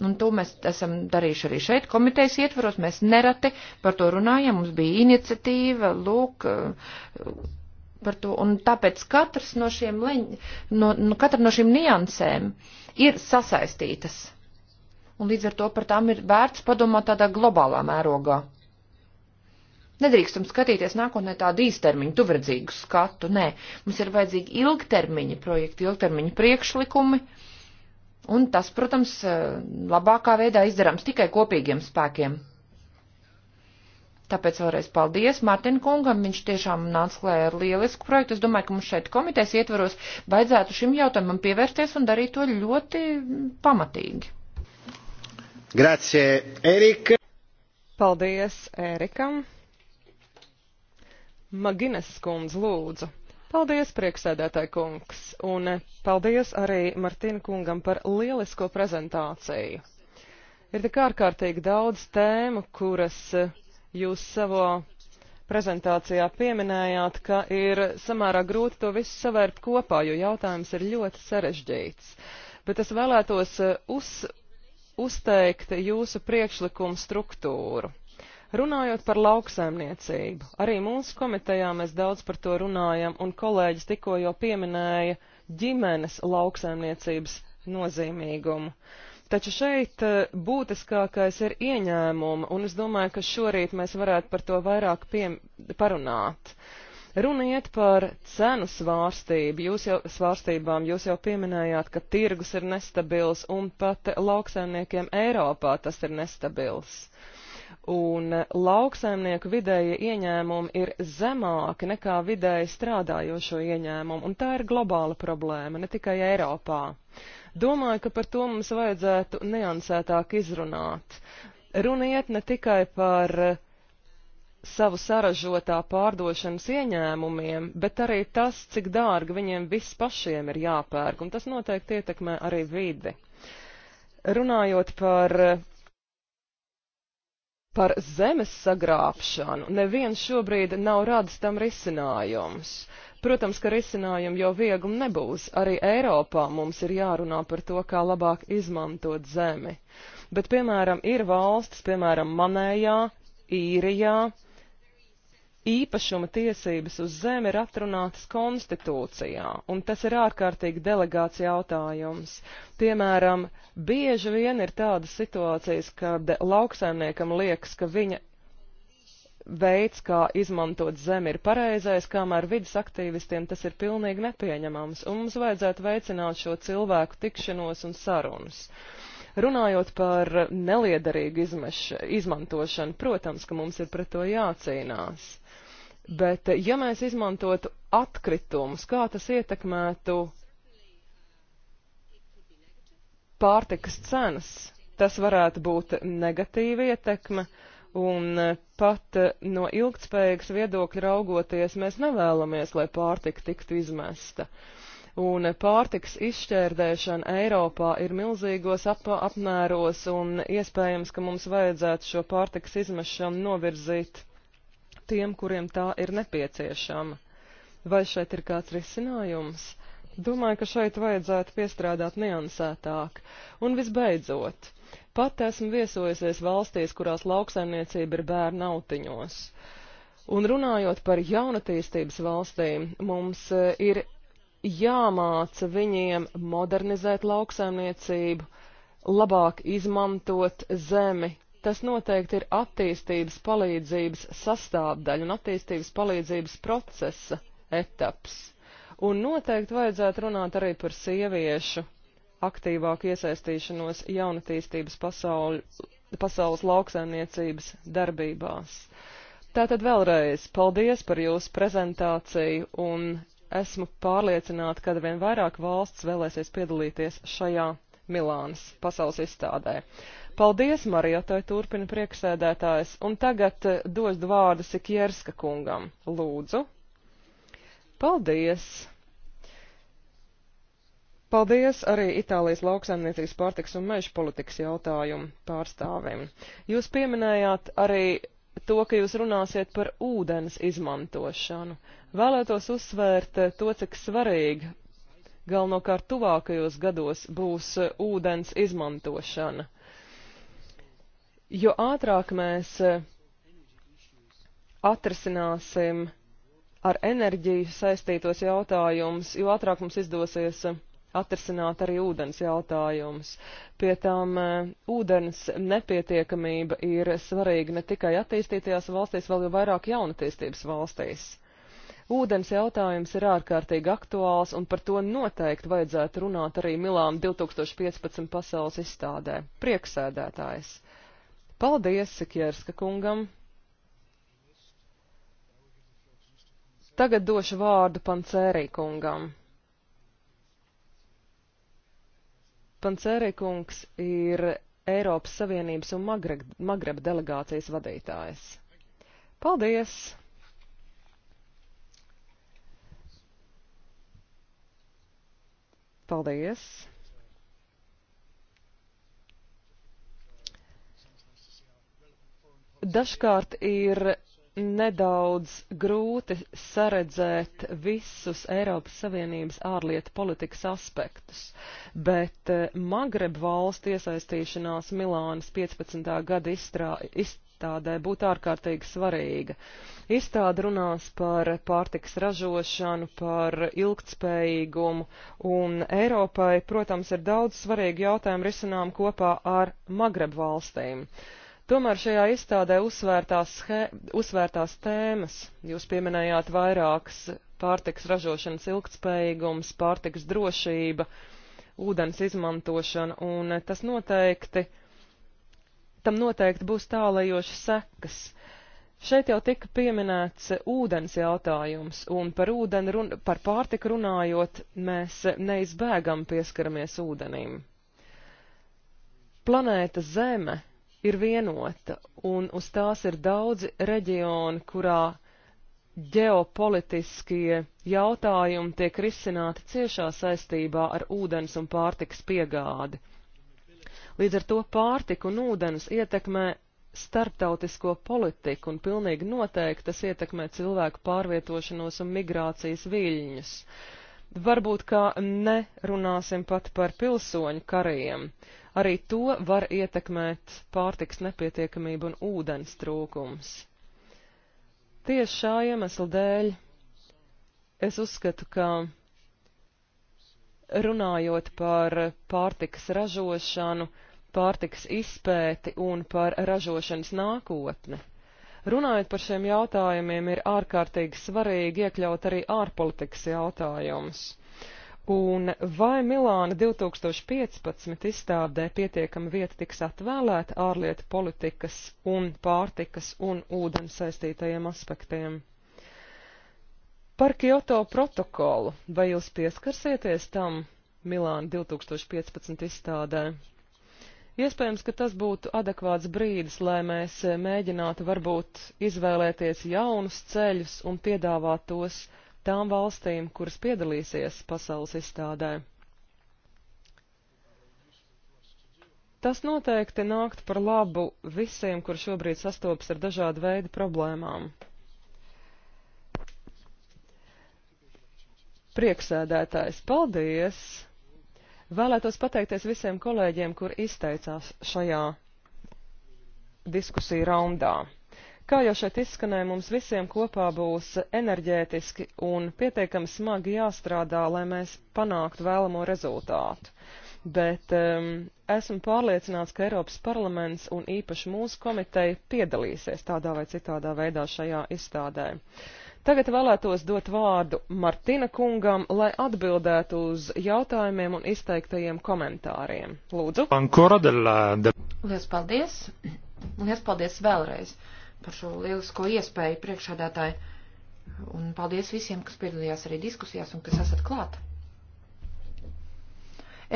Un to mēs esam darījuši arī šeit komitejas ietvaros. Mēs nerati par to runājam. Mums bija iniciatīva, lūk, eh, par to. Un tāpēc katrs no šiem leņ, no, no, katra no šīm niansēm ir sasaistītas. Un līdz ar to par tām ir vērts padomāt tādā globālā mērogā. Nedrīkstam skatīties nākotnē tādu īstermiņu, tuvredzīgu skatu, nē. Mums ir vajadzīgi ilgtermiņa projekti, ilgtermiņa priekšlikumi. Uh, Un tas, protams, eh, labākā veidā izdarams tikai kopīgiem spēkiem. Tāpēc vēlreiz paldies Mārtiņa kungam, viņš tiešām nāca klēja ar lielisku projektu. Es domāju, ka mums šeit komitejas ietvaros vajadzētu šim jautājumam pievērsties un darīt to ļoti pamatīgi. Grazie, Erika. Paldies, Erikam. Maginas skundz lūdzu. Paldies, prieksēdētāji kungs, un paldies arī Martina kungam par lielisko prezentāciju. Ir tik ārkārtīgi daudz tēmu, kuras jūs savo prezentācijā pieminējāt, ka ir samērā grūti to visu savērt kopā, jo jautājums ir ļoti sarežģīts. Bet es vēlētos uz, uzteikt jūsu priekšlikumu struktūru. Runājot par lauksaimniecību, arī mūsu komitejā mēs daudz par to runājam, un kolēģis tikko jau pieminēja ģimenes lauksaimniecības nozīmīgumu. Taču šeit eh, būtiskākais ir ieņēmumi, un es domāju, ka šorīt mēs varētu par to vairāk piem parunāt. Runa iet par cenu svārstību. Jūs jau, svārstībām jūs jau pieminējāt, ka tirgus ir nestabils, un pat lauksaimniekiem Eiropā tas ir nestabils. Uh, un eh, lauksaimnieku vidēja ieņēmumi ir zemāki nekā vidēji strādājošo ieņēmumu, un tā ir globāla problēma, ne tikai Eiropā. Domāju, ka par to mums vajadzētu neansētāk izrunāt. Runiet ne tikai par eh, savu saražotā pārdošanas ieņēmumiem, bet arī tas, cik dārgi viņiem viss pašiem ir jāpērk, un tas noteikti ietekmē arī vidi. Runājot par eh, par zemes sagrābšanu, neviens šobrīd nav radis tam risinājums. Protams, ka risinājumu jau viegli nebūs. Arī Eiropā mums ir jārunā par to, kā labāk izmantot zemi. Bet, piemēram, ir valstis, piemēram, manējā, īrijā, īpašuma tiesības uz zemi ir atrunātas konstitūcijā, un tas ir ārkārtīgi delegāts jautājums. Piemēram, bieži vien ir tādas situācijas, kad lauksaimniekam liekas, ka viņa veids, kā izmantot zemi, ir pareizais, kamēr vidas aktīvistiem tas ir pilnīgi nepieņemams, un mums vajadzētu veicināt šo cilvēku tikšanos un sarunas. Runājot par neliederīgu izmeš, izmantošanu, protams, ka mums ir pret to jācīnās. Bet, eh, ja mēs izmantotu atkritumus, kā tas ietekmētu pārtikas cenas, tas varētu būt negatīva ietekme, un eh, pat eh, no ilgtspējīgas viedokļa raugoties, mēs nevēlamies, lai pārtika tiktu izmesta. Un pārtiks izšķērdēšana Eiropā ir milzīgos ap apmēros, un iespējams, ka mums vajadzētu šo pārtiks izmešanu novirzīt tiem, kuriem tā ir nepieciešama. Vai šeit ir kāds risinājums? Domāju, ka šeit vajadzētu piestrādāt niansētāk. Un visbeidzot, pat esmu viesojusies valstīs, kurās lauksaimniecība ir bērnu autiņos. Un runājot par jaunatīstības valstīm, mums e, ir jāmāca viņiem modernizēt lauksaimniecību, labāk izmantot zemi, tas noteikti ir attīstības palīdzības sastāvdaļa un attīstības palīdzības procesa etaps. Un noteikti vajadzētu runāt arī par sieviešu aktīvāku iesaistīšanos jaunatīstības pasauļu, pasaules lauksaimniecības darbībās. Tātad vēlreiz paldies par jūsu prezentāciju un esmu pārliecināta, ka vien vairāk valsts vēlēsies piedalīties šajā Milānas pasaules izstādē. Paldies, Marietai, turpina prieksēdētājs, un tagad eh, došu vārdu Sikierska kungam. Lūdzu. Paldies! Paldies arī Itālijas lauksaimniecības pārtiks un meža politikas jautājumu pārstāvim. Jūs pieminējāt arī to, ka jūs runāsiet par ūdens izmantošanu. Vēlētos uzsvērt eh, to, cik svarīgi galvenokārt tuvākajos gados būs eh, ūdens izmantošana. Jo ātrāk mēs eh, atrasināsim ar enerģiju saistītos jautājumus, jo ātrāk mums izdosies eh, atrasināt arī ūdens jautājumus. Pie tām eh, ūdens nepietiekamība ir svarīga ne tikai attīstītajās valstīs, vēl jau vairāk jaunatīstības valstīs. Ūdens jautājums ir ārkārtīgi aktuāls, un par to noteikti vajadzētu runāt arī Milām 2015 pasaules izstādē. Prieksēdētājs. Paldies, Sikierska kungam! Tagad došu vārdu Pancērī kungam. Pancērī kungs ir Eiropas Savienības un Magreb, Magreb delegācijas vadītājs. Paldies! Paldies! Dažkārt ir nedaudz grūti saredzēt visus Eiropas Savienības ārlietu politikas aspektus, bet eh, Magreb valstu iesaistīšanās Milānas 15. gada izstrā, izstādē būtu ārkārtīgi svarīga. Izstāde runās par pārtiks ražošanu, par ilgtspējīgumu, un Eiropai, protams, ir daudz svarīgu jautājumu risinām kopā ar Magreb valstīm. Uh, Tomēr šajā izstādē uzsvērtās, uzsvērtās tēmas, jūs pieminējāt vairākas pārtiks ražošanas ilgtspējīgums, pārtiks drošība, ūdens izmantošana, un tas noteikti, tam noteikti būs tālējošas sekas. Šeit jau tika pieminēts ūdens jautājums, un par, ūdeni, run, par pārtiku runājot, mēs neizbēgam pieskaramies ūdenim. Planēta Zeme ir vienota, un uz tās ir daudzi reģioni, kurā ģeopolitiskie jautājumi tiek risināti ciešā saistībā ar ūdens un pārtikas piegādi. Līdz ar to pārtika un ūdens ietekmē starptautisko politiku un pilnīgi noteikti tas ietekmē cilvēku pārvietošanos un migrācijas viļņus. Varbūt kā nerunāsim pat par pilsoņu kariem. Uh, Arī to var ietekmēt pārtiks nepietiekamība un ūdens trūkums. Tieši šā iemesla dēļ es uzskatu, ka runājot par pārtikas ražošanu, pārtikas izpēti un par ražošanas nākotni. Runājot par šiem jautājumiem, ir ārkārtīgi svarīgi iekļaut arī ārpolitikas jautājumus. Un vai Milāna 2015 izstādē pietiekama vieta tiks atvēlēta ārlietu politikas un pārtikas un ūdens saistītajiem aspektiem? Par Kyoto protokolu, vai jūs pieskarsieties tam Milāna 2015 izstādē? Iespējams, ka tas būtu adekvāts brīdis, lai mēs mēģinātu varbūt izvēlēties jaunus ceļus un piedāvāt tos tām valstīm, kuras piedalīsies pasaules izstādē. Tas noteikti nākt par labu visiem, kur šobrīd sastopas ar dažādu veidu problēmām. Prieksēdētājs, paldies! Vēlētos pateikties visiem kolēģiem, kur izteicās šajā diskusiju raundā. Kā jau šeit izskanēja, mums visiem kopā būs enerģētiski un pietiekami smagi jāstrādā, lai mēs panāktu vēlamo rezultātu. Bet um, esmu pārliecināts, ka Eiropas parlaments un īpaši mūsu komiteja piedalīsies tādā vai citādā veidā šajā izstādē. Tagad vēlētos dot vārdu Martina kungam, lai atbildētu uz jautājumiem un izteiktajiem komentāriem. Lūdzu. Lielas paldies! Lielas paldies vēlreiz! Uh, par šo lielisko iespēju priekšādātāji. Un paldies visiem, kas piedalījās arī diskusijās un kas esat klāt.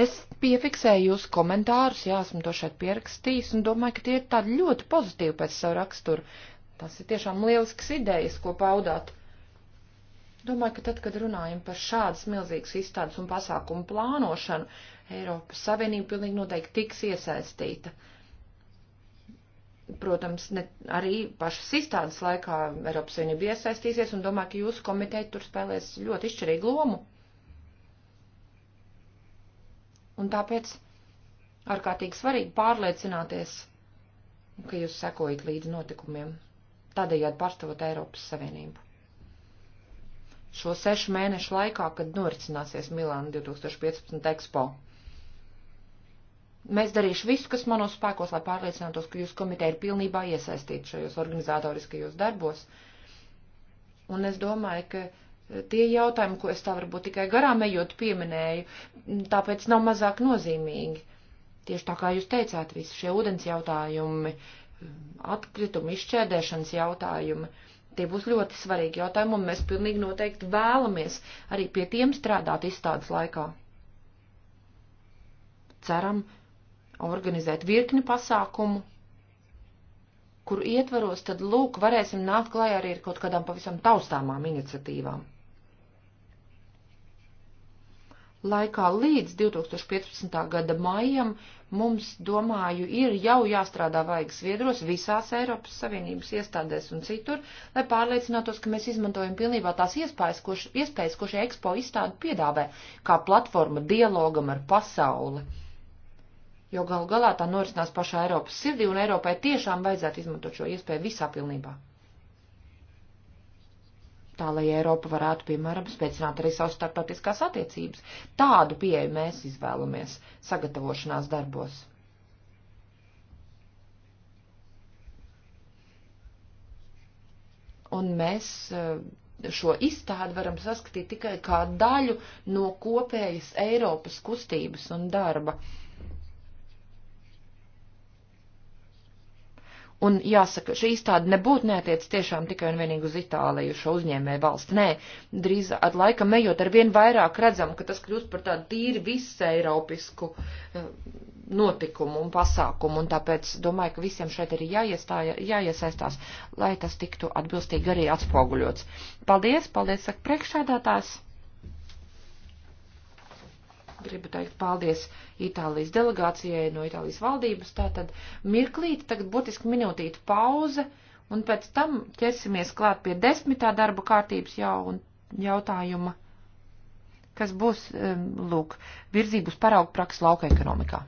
Es piefiksēju jūsu komentārus, jā, esmu to šeit pierakstījis un domāju, ka tie ir tādi ļoti pozitīvi pēc savu raksturu. Tas ir tiešām lielisks idejas, ko paudāt. Domāju, ka tad, kad runājam par šādas milzīgas izstādes un pasākumu plānošanu, Eiropas Savienība pilnīgi noteikti tiks iesaistīta. Uh, protams, ne, arī pašas izstādes laikā Eiropas Savienība iesaistīsies un domāju, ka jūsu komiteja tur spēlēs ļoti izšķirīgu lomu. Un tāpēc ārkārtīgi svarīgi pārliecināties, ka jūs sekojat līdzi notikumiem, tādējādi pārstāvot Eiropas Savienību. Šo sešu mēnešu laikā, kad norisināsies Milāna 2015 Expo. Mēs darīšu visu, kas manos spēkos, lai pārliecinātos, ka jūsu komiteja ir pilnībā iesaistīta šajos organizatoriskajos darbos. Un es domāju, ka e, tie jautājumi, ko es tā varbūt tikai garām ejot pieminēju, tāpēc nav mazāk nozīmīgi. Tieši tā kā jūs teicāt, visi šie ūdens jautājumi, atkritumi, izšķēdēšanas jautājumi. Tie būs ļoti svarīgi jautājumi, un mēs pilnīgi noteikti vēlamies arī pie tiem strādāt izstādes laikā. Ceram, organizēt virkni pasākumu, kur ietvaros tad lūk varēsim nākt klājā arī ar kaut kādām pavisam taustāmām iniciatīvām. Laikā līdz 2015. gada maijam mums, domāju, ir jau jāstrādā vaigas viedros visās Eiropas Savienības iestādēs un citur, lai pārliecinātos, ka mēs izmantojam pilnībā tās iespējas, ko, iespējas, ko šie ekspo izstāde piedāvē, kā platforma dialogam ar pasauli jo gal galā tā norisinās pašā Eiropas sirdī, un Eiropai tiešām vajadzētu izmantot šo iespēju visā pilnībā. Tā, lai Eiropa varētu, piemēram, spēcināt arī savas starptautiskās attiecības. Tādu pieeju mēs izvēlamies sagatavošanās darbos. Un mēs eh, šo izstādi varam saskatīt tikai kā daļu no kopējas Eiropas kustības un darba. Uh, Un jāsaka, šī izstāde nebūtu neatiec tiešām tikai un vienīgi uz Itāliju, šo uzņēmēju valsts. Nē, drīz ar laika mejot ar vien vairāk redzam, ka tas kļūst par tādu tīri visu Eiropisku eh, notikumu un pasākumu, un tāpēc domāju, ka visiem šeit ir jāiestāja, jāiesaistās, lai tas tiktu atbilstīgi arī atspoguļots. Paldies, paldies, saka priekšsēdētājs gribu teikt paldies Itālijas delegācijai no Itālijas valdības. Tātad mirklīti, tagad būtiski minūtīta pauze, un pēc tam ķersimies klāt pie desmitā darba kārtības jau, jautājuma, kas būs, um, lūk, virzības paraugu praksa lauka ekonomikā.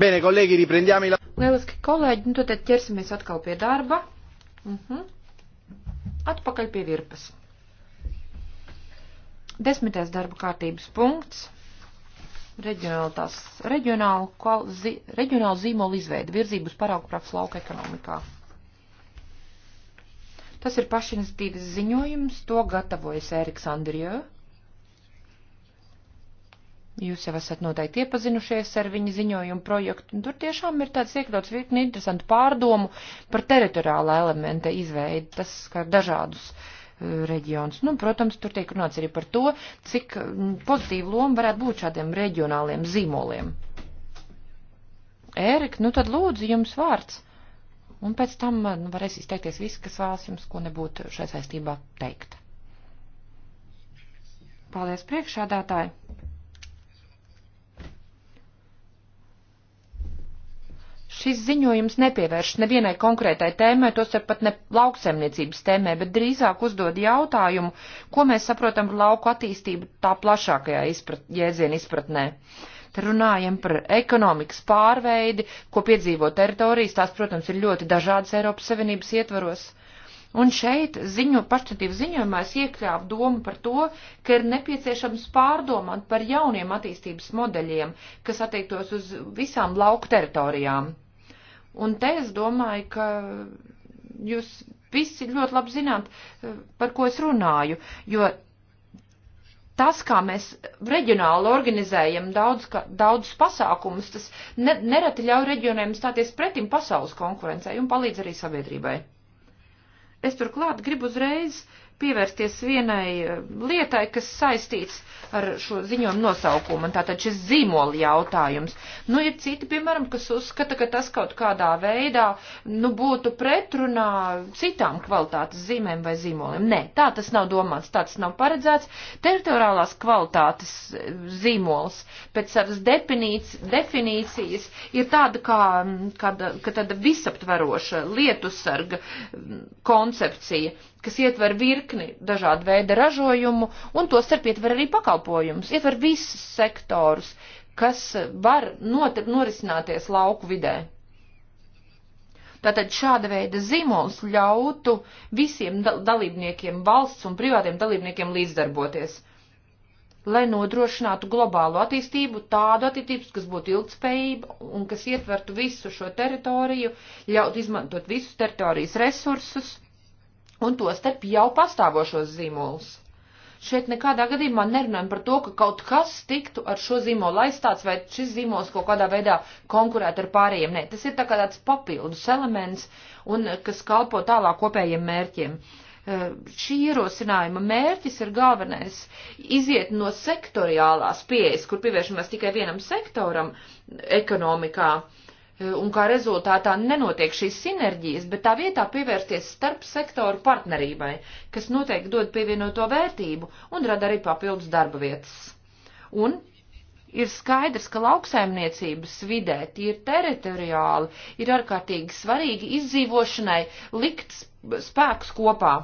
Bene, kolēģi, riprendiamo il Lieliski, kolēģi, nu tad ķersimies atkal pie darba. Uh mhm. -huh. Atpakaļ pie virpas. Desmitais darba kārtības punkts. Reģionālu, kval, zi, reģionālu zīmolu izveidi virzības paraugu praksa lauka ekonomikā. Tas ir pašinicitīvas ziņojums, to gatavojas Eriks Andrjē. Jūs jau esat noteikti iepazinušies ar viņa ziņojumu projektu, un tur tiešām ir tāds iekļauts virkni interesantu pārdomu par teritoriālā elementa izveidi, tas skar dažādus e, reģionus. Nu, protams, tur tiek runāts arī par to, cik pozitīva loma varētu būt šādiem reģionāliem zīmoliem. Ērika, nu tad lūdzu jums vārds, un pēc tam e, nu, varēs izteikties visi, kas vēlas jums, ko nebūtu šai saistībā teikt. Paldies priekšādātāji! Šis ziņojums nepievērš nevienai konkrētai tēmai, tos ir pat ne lauksaimniecības tēmai, bet drīzāk uzdod jautājumu, ko mēs saprotam par lauku attīstību tā plašākajā izprat, jēdzienu izpratnē. Te runājam par ekonomikas pārveidi, ko piedzīvo teritorijas, tās, protams, ir ļoti dažādas Eiropas Savienības ietvaros. Un šeit ziņo, paštatības ziņojumā es iekļāvu domu par to, ka ir nepieciešams pārdomāt par jauniem attīstības modeļiem, kas attiektos uz visām lauku teritorijām. Un te es domāju, ka jūs visi ļoti labi zināt, par ko es runāju, jo tas, kā mēs reģionāli organizējam daudz, ka, daudz pasākumus, tas ne, nereti ļauj reģioniem stāties pretim pasaules konkurencei un palīdz arī sabiedrībai. Es turklāt gribu uzreiz pievērsties vienai eh, lietai, kas saistīts ar šo ziņojumu nosaukumu, un tātad šis zīmoli jautājums. Nu, ir citi, piemēram, kas uzskata, ka tas kaut kādā veidā, nu, būtu pretrunā citām kvalitātes zīmēm vai zīmoliem. Nē, tā tas nav domāts, tā tas nav paredzēts. Teritoriālās kvalitātes eh, zīmols pēc savas definīcijas ir tāda kā, kā, kā tāda visaptvaroša lietusarga koncepcija, kas ietver virkni virkni dažādu veidu ražojumu, un tos starp ietver arī pakalpojumus, ietver visus sektorus, kas var not, norisināties lauku vidē. Tātad šāda veida zīmols ļautu visiem dalībniekiem, valsts un privātiem dalībniekiem līdzdarboties, lai nodrošinātu globālu attīstību, tādu attīstību, kas būtu ilgspējība un kas ietvertu visu šo teritoriju, ļautu izmantot visus teritorijas resursus un to starp jau pastāvošos zīmolus. Šeit nekādā gadījumā nerunājam par to, ka kaut kas tiktu ar šo zīmolu aizstāts vai šis zīmols kaut kādā veidā konkurētu ar pārējiem. Nē, tas ir tā kā tāds papildus elements, un, eh, kas kalpo tālāk kopējiem mērķiem. Eh, šī ierosinājuma mērķis ir galvenais iziet no sektoriālās pieejas, kur pievēršamies tikai vienam sektoram ekonomikā un kā rezultātā nenotiek šīs sinerģijas, bet tā vietā pievērsties starp sektoru partnerībai, kas noteikti dod pievienoto vērtību un rada arī papildus darba vietas. Un ir skaidrs, ka lauksaimniecības vidē, tīri teritoriāli, ir ārkārtīgi svarīgi izdzīvošanai likt spēks kopā.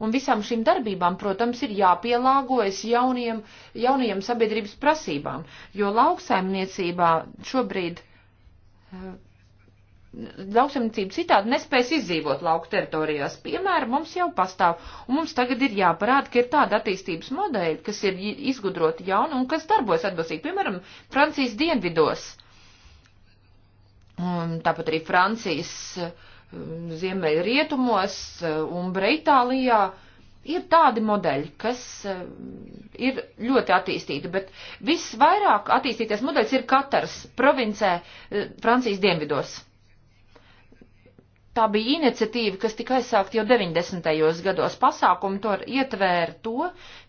Un visām šīm darbībām, protams, ir jāpielāgojas jauniem, jaunajiem sabiedrības prasībām, jo lauksaimniecībā šobrīd lauksaimniecība citādi nespēs izdzīvot lauku teritorijās. Piemēram, mums jau pastāv, un mums tagad ir jāparāda, ka ir tāda attīstības modeļa, kas ir izgudrota jauna un kas darbojas atbilstīgi, piemēram, Francijas dienvidos. Un tāpat arī Francijas um, ziemeļrietumos um, un Breitālijā. Uh, ir tādi modeļi, kas uh, ir ļoti attīstīti, bet visvairāk attīstīties modeļs ir Katars provincē uh, Francijas dienvidos. Tā bija iniciatīva, kas tika aizsākta jau 90. gados. Pasākumi to ietvēra to,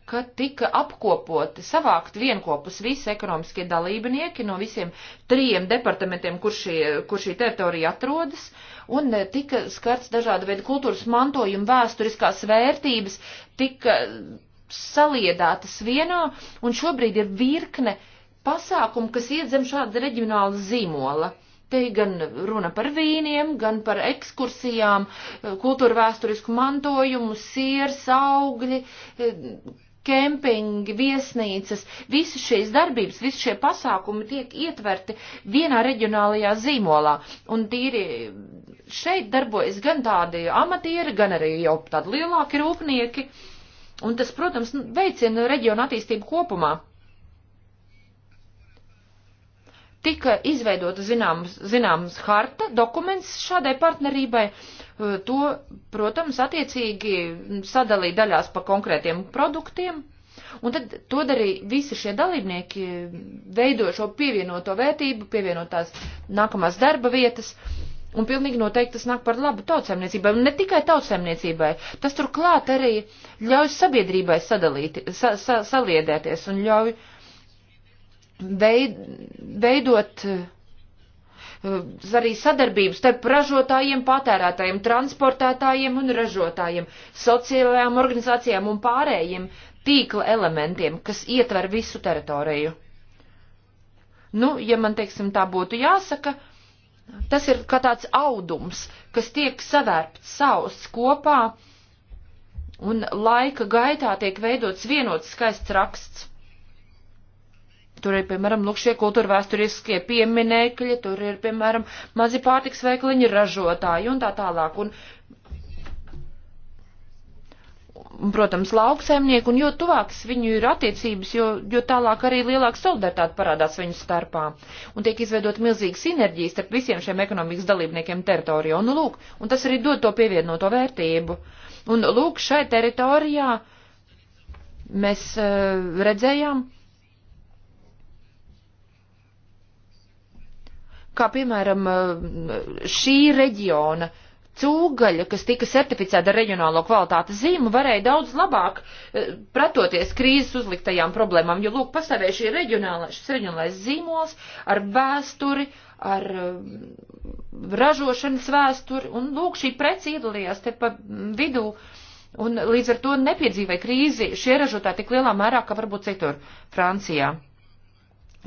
ka tika apkopoti, savākt vienkopus visi ekonomiskie dalībnieki no visiem trijiem departamentiem, kur šī, kur šī teritorija atrodas, un e, tika skarts dažāda veida kultūras mantojuma, vēsturiskās vērtības, tika saliedātas vienā, un šobrīd ir virkne pasākumu, kas iedzem šāda reģionāla zīmola. Uh, Te gan runa par vīniem, gan par ekskursijām, eh, kultūra vēsturisku mantojumu, siers, augļi, eh, kempingi, viesnīcas, visas šīs darbības, visi šie pasākumi tiek ietverti vienā reģionālajā zīmolā. Un tīri šeit darbojas gan tādi amatieri, gan arī jau tādi lielāki rūpnieki. Un tas, protams, veicina reģionu attīstību kopumā. tika izveidota zināms, zināms harta, dokuments šādai partnerībai. E, to, protams, attiecīgi sadalīja daļās pa konkrētiem produktiem. Un tad to darīja visi šie dalībnieki, veido šo pievienoto vērtību, pievienotās nākamās darba vietas. Un pilnīgi noteikti tas nāk par labu tautsēmniecībai, un ne tikai tautsēmniecībai. Tas turklāt arī ļauj sabiedrībai sadalīt, sa, sa, saliedēties un ļauj uh, veidot eh, arī sadarbību starp ražotājiem, patērētājiem, transportētājiem un ražotājiem, sociālajām organizācijām un pārējiem tīkla elementiem, kas ietver visu teritoriju. Nu, ja man, teiksim, tā būtu jāsaka, tas ir kā tāds audums, kas tiek savērpts sausts kopā un laika gaitā tiek veidots vienots skaists raksts. Tur ir, piemēram, lūk, šie kultūra vēsturiskie pieminekļi, tur ir, piemēram, mazi pārtiks veikliņi ražotāji un tā tālāk. Un protams, lauksaimnieku, un jo tuvāks viņu ir attiecības, jo, jo tālāk arī lielāka solidaritāte parādās viņu starpā. Un tiek izveidot milzīgas sinerģijas starp visiem šiem ekonomikas dalībniekiem teritorijā. Un, nu, lūk, un tas arī dod to pievienoto vērtību. Un, lūk, šai teritorijā mēs uh, redzējām, kā piemēram šī reģiona cūgaļa, kas tika certificēta ar reģionālo kvalitātes zīmu, varēja daudz labāk eh, pretoties krīzes uzliktajām problēmām, jo, lūk, pastāvēja šī reģionāla, šis reģionālais zīmols ar vēsturi, ar mm, ražošanas vēsturi, un, lūk, šī preci iedalījās te pa vidū, un līdz ar to nepiedzīvēja krīzi šie ražotāji tik lielā mērā, kā varbūt citur Francijā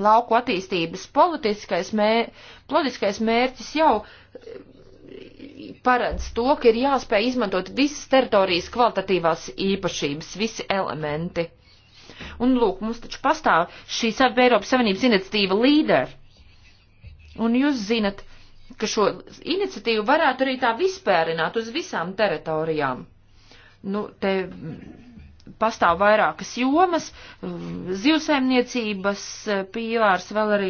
lauku attīstības politiskais, mēr, politiskais mērķis jau e, paredz to, ka ir jāspēj izmantot visas teritorijas kvalitatīvās īpašības, visi elementi. Un lūk, mums taču pastāv šī Eiropas Savienības iniciatīva līderi. Un jūs zinat, ka šo iniciatīvu varētu arī tā vispērināt uz visām teritorijām. Nu, te pastāv vairākas jomas, zivsaimniecības pīlārs vēl arī.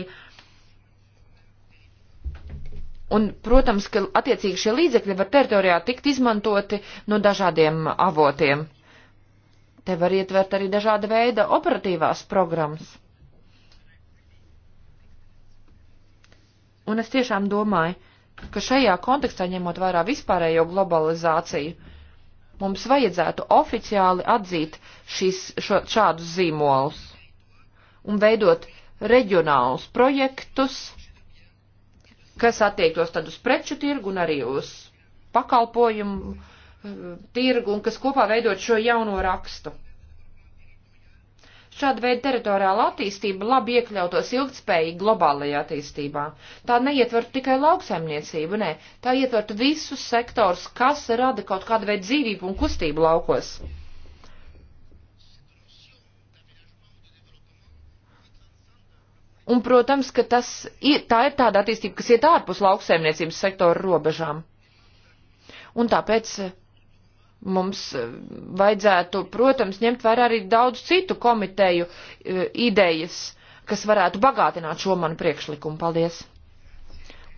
Un, protams, ka attiecīgi šie līdzekļi var teritorijā tikt izmantoti no dažādiem avotiem. Te var ietvert arī dažāda veida operatīvās programmas. Un es tiešām domāju, ka šajā kontekstā, ņemot vērā vispārējo globalizāciju, Mums vajadzētu oficiāli atzīt šis, šo, šādus zīmolus un veidot reģionālus projektus, kas attiektos tad uz preču tirgu un arī uz pakalpojumu eh, tirgu un kas kopā veidot šo jauno rakstu. Šāda veida teritoriāla attīstība labi iekļautos ilgtspējīgi globālajā attīstībā. Tā neietvertu tikai lauksaimniecību, nē, tā ietvertu visus sektors, kas rada kaut kādu veidu dzīvību un kustību laukos. Un, protams, ka tas, ir, tā ir tāda attīstība, kas iet ārpus lauksaimniecības sektora robežām. Un tāpēc Mums eh, vajadzētu, protams, ņemt vērā arī daudz citu komiteju eh, idejas, kas varētu bagātināt šo manu priekšlikumu. Paldies!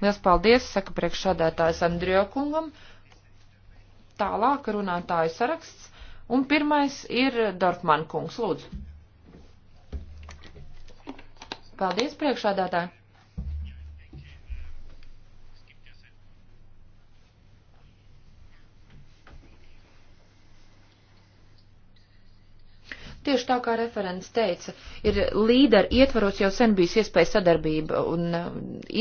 Liels paldies, saka priekšsādātājs Andrija kungam. Tālāk runātāju saraksts. Un pirmais ir Dorfman kungs, lūdzu. Paldies, priekšādātāji! Tieši tā kā referents teica, ir līderi ietvaros jau sen bijusi iespēja sadarbība un uh,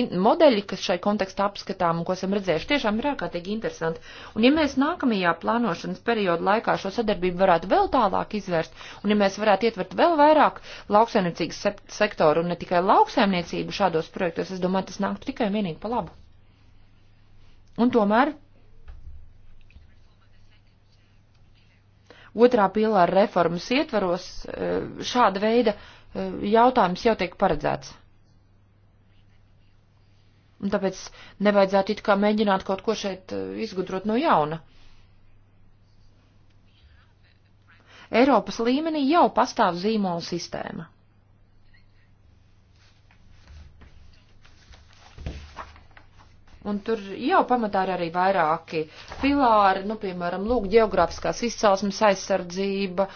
in, modeļi, kas šai kontekstā apskatām un ko esam redzējuši, tiešām ir ārkārtīgi interesanti. Un ja mēs nākamajā plānošanas perioda laikā šo sadarbību varētu vēl tālāk izvērst, un ja mēs varētu ietvert vēl vairāk lauksaimniecības sektoru un ne tikai lauksaimniecību šādos projektos, es domāju, tas nāktu tikai un vienīgi pa labu. Un tomēr otrā pilāra reformas ietvaros e, šāda veida e, jautājums jau tiek paredzēts. Un tāpēc nevajadzētu it kā mēģināt kaut ko šeit e, izgudrot no jauna. Eiropas līmenī jau pastāv zīmola sistēma. Un tur jau pamatā ir arī vairāki pilāri, nu, piemēram, lūk, geogrāfiskās izcelsmes aizsardzība,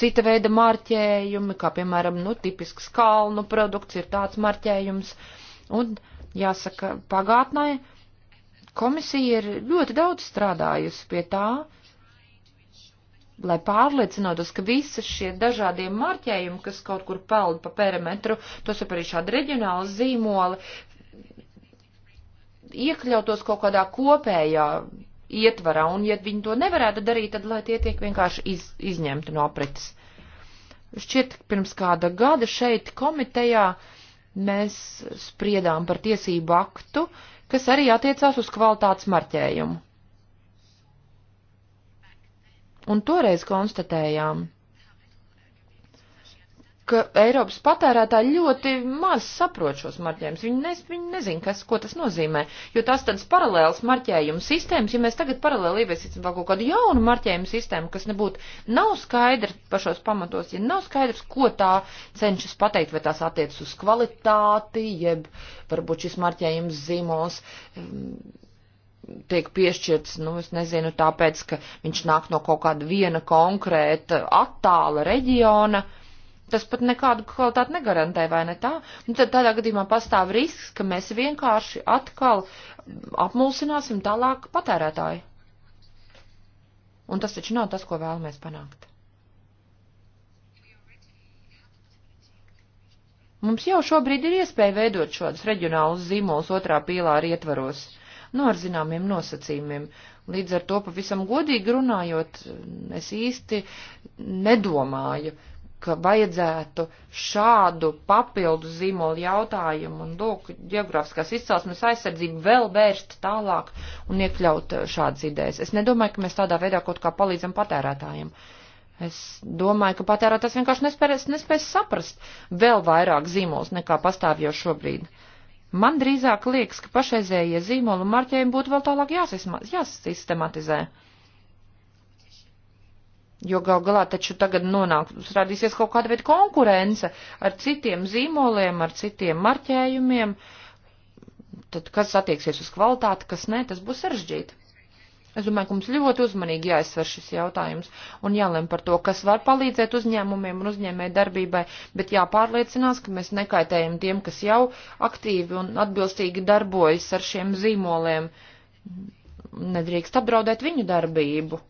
cita veida marķējumi, kā, piemēram, nu, tipisks kalnu produkts ir tāds marķējums. Un, jāsaka, pagātnē komisija ir ļoti daudz strādājusi pie tā, lai pārliecinātos, ka visas šie dažādie marķējumi, kas kaut kur peld pa perimetru, tos ir arī šādi reģionāli zīmoli, iekļautos kaut kādā kopējā ietvarā, un ja viņi to nevarētu darīt, tad lai tie tiek vienkārši iz, izņemti no aprites. Šķiet, pirms kāda gada šeit komitejā mēs spriedām par tiesību aktu, kas arī attiecās uz kvalitātes marķējumu. Un toreiz konstatējām, ka Eiropas patērētāji ļoti maz saprot šos marķējumus. Viņi, ne, viņi nezin, kas, ko tas nozīmē, jo tas tāds paralēls marķējuma sistēmas, ja mēs tagad paralēli ieviesīsim vēl kaut kādu jaunu marķējumu sistēmu, kas nebūtu, nav skaidrs pašos pamatos, ja nav skaidrs, ko tā cenšas pateikt, vai tās attiecas uz kvalitāti, jeb varbūt šis marķējums zīmos. Um, tiek piešķirts, nu, es nezinu, tāpēc, ka viņš nāk no kaut kāda viena konkrēta attāla reģiona. Uh, Tas pat nekādu kvalitāti negarantē, vai ne tā? Nu, tad tādā gadījumā pastāv risks, ka mēs vienkārši atkal apmulsināsim tālāk patērētāju. Un tas taču nav tas, ko vēlamies panākt. Mums jau šobrīd ir iespēja veidot šādus reģionālus zīmolus otrā pīlāra ietvaros, no nu, ar zināmiem nosacījumiem, Līdz ar to pavisam godīgi runājot, es īsti nedomāju, ka vajadzētu šādu papildu zīmolu jautājumu un lūk, geogrāfiskās izcelsmes aizsardzību vēl vērst tālāk un iekļaut eh, šādas idejas. Es nedomāju, ka mēs tādā veidā kaut kā palīdzam patērētājiem. Es domāju, ka patērētājs vienkārši nespēs, nespēs saprast vēl vairāk zīmolus nekā pastāv jau šobrīd. Man drīzāk liekas, ka pašreizējie zīmolu marķējumi būtu vēl tālāk jāsistematizē. Jāsis Jo gal galā taču tagad nonāks, radīsies kaut kāda veida konkurence ar citiem zīmoliem, ar citiem marķējumiem. Tad kas attieksies uz kvalitāti, kas nē, tas būs sarežģīti. Es domāju, ka mums ļoti uzmanīgi jāizsver šis jautājums un jālem par to, kas var palīdzēt uzņēmumiem un uzņēmē darbībai, bet jāpārliecinās, ka mēs nekaitējam tiem, kas jau aktīvi un atbilstīgi darbojas ar šiem zīmoliem. Nedrīkst apdraudēt viņu darbību.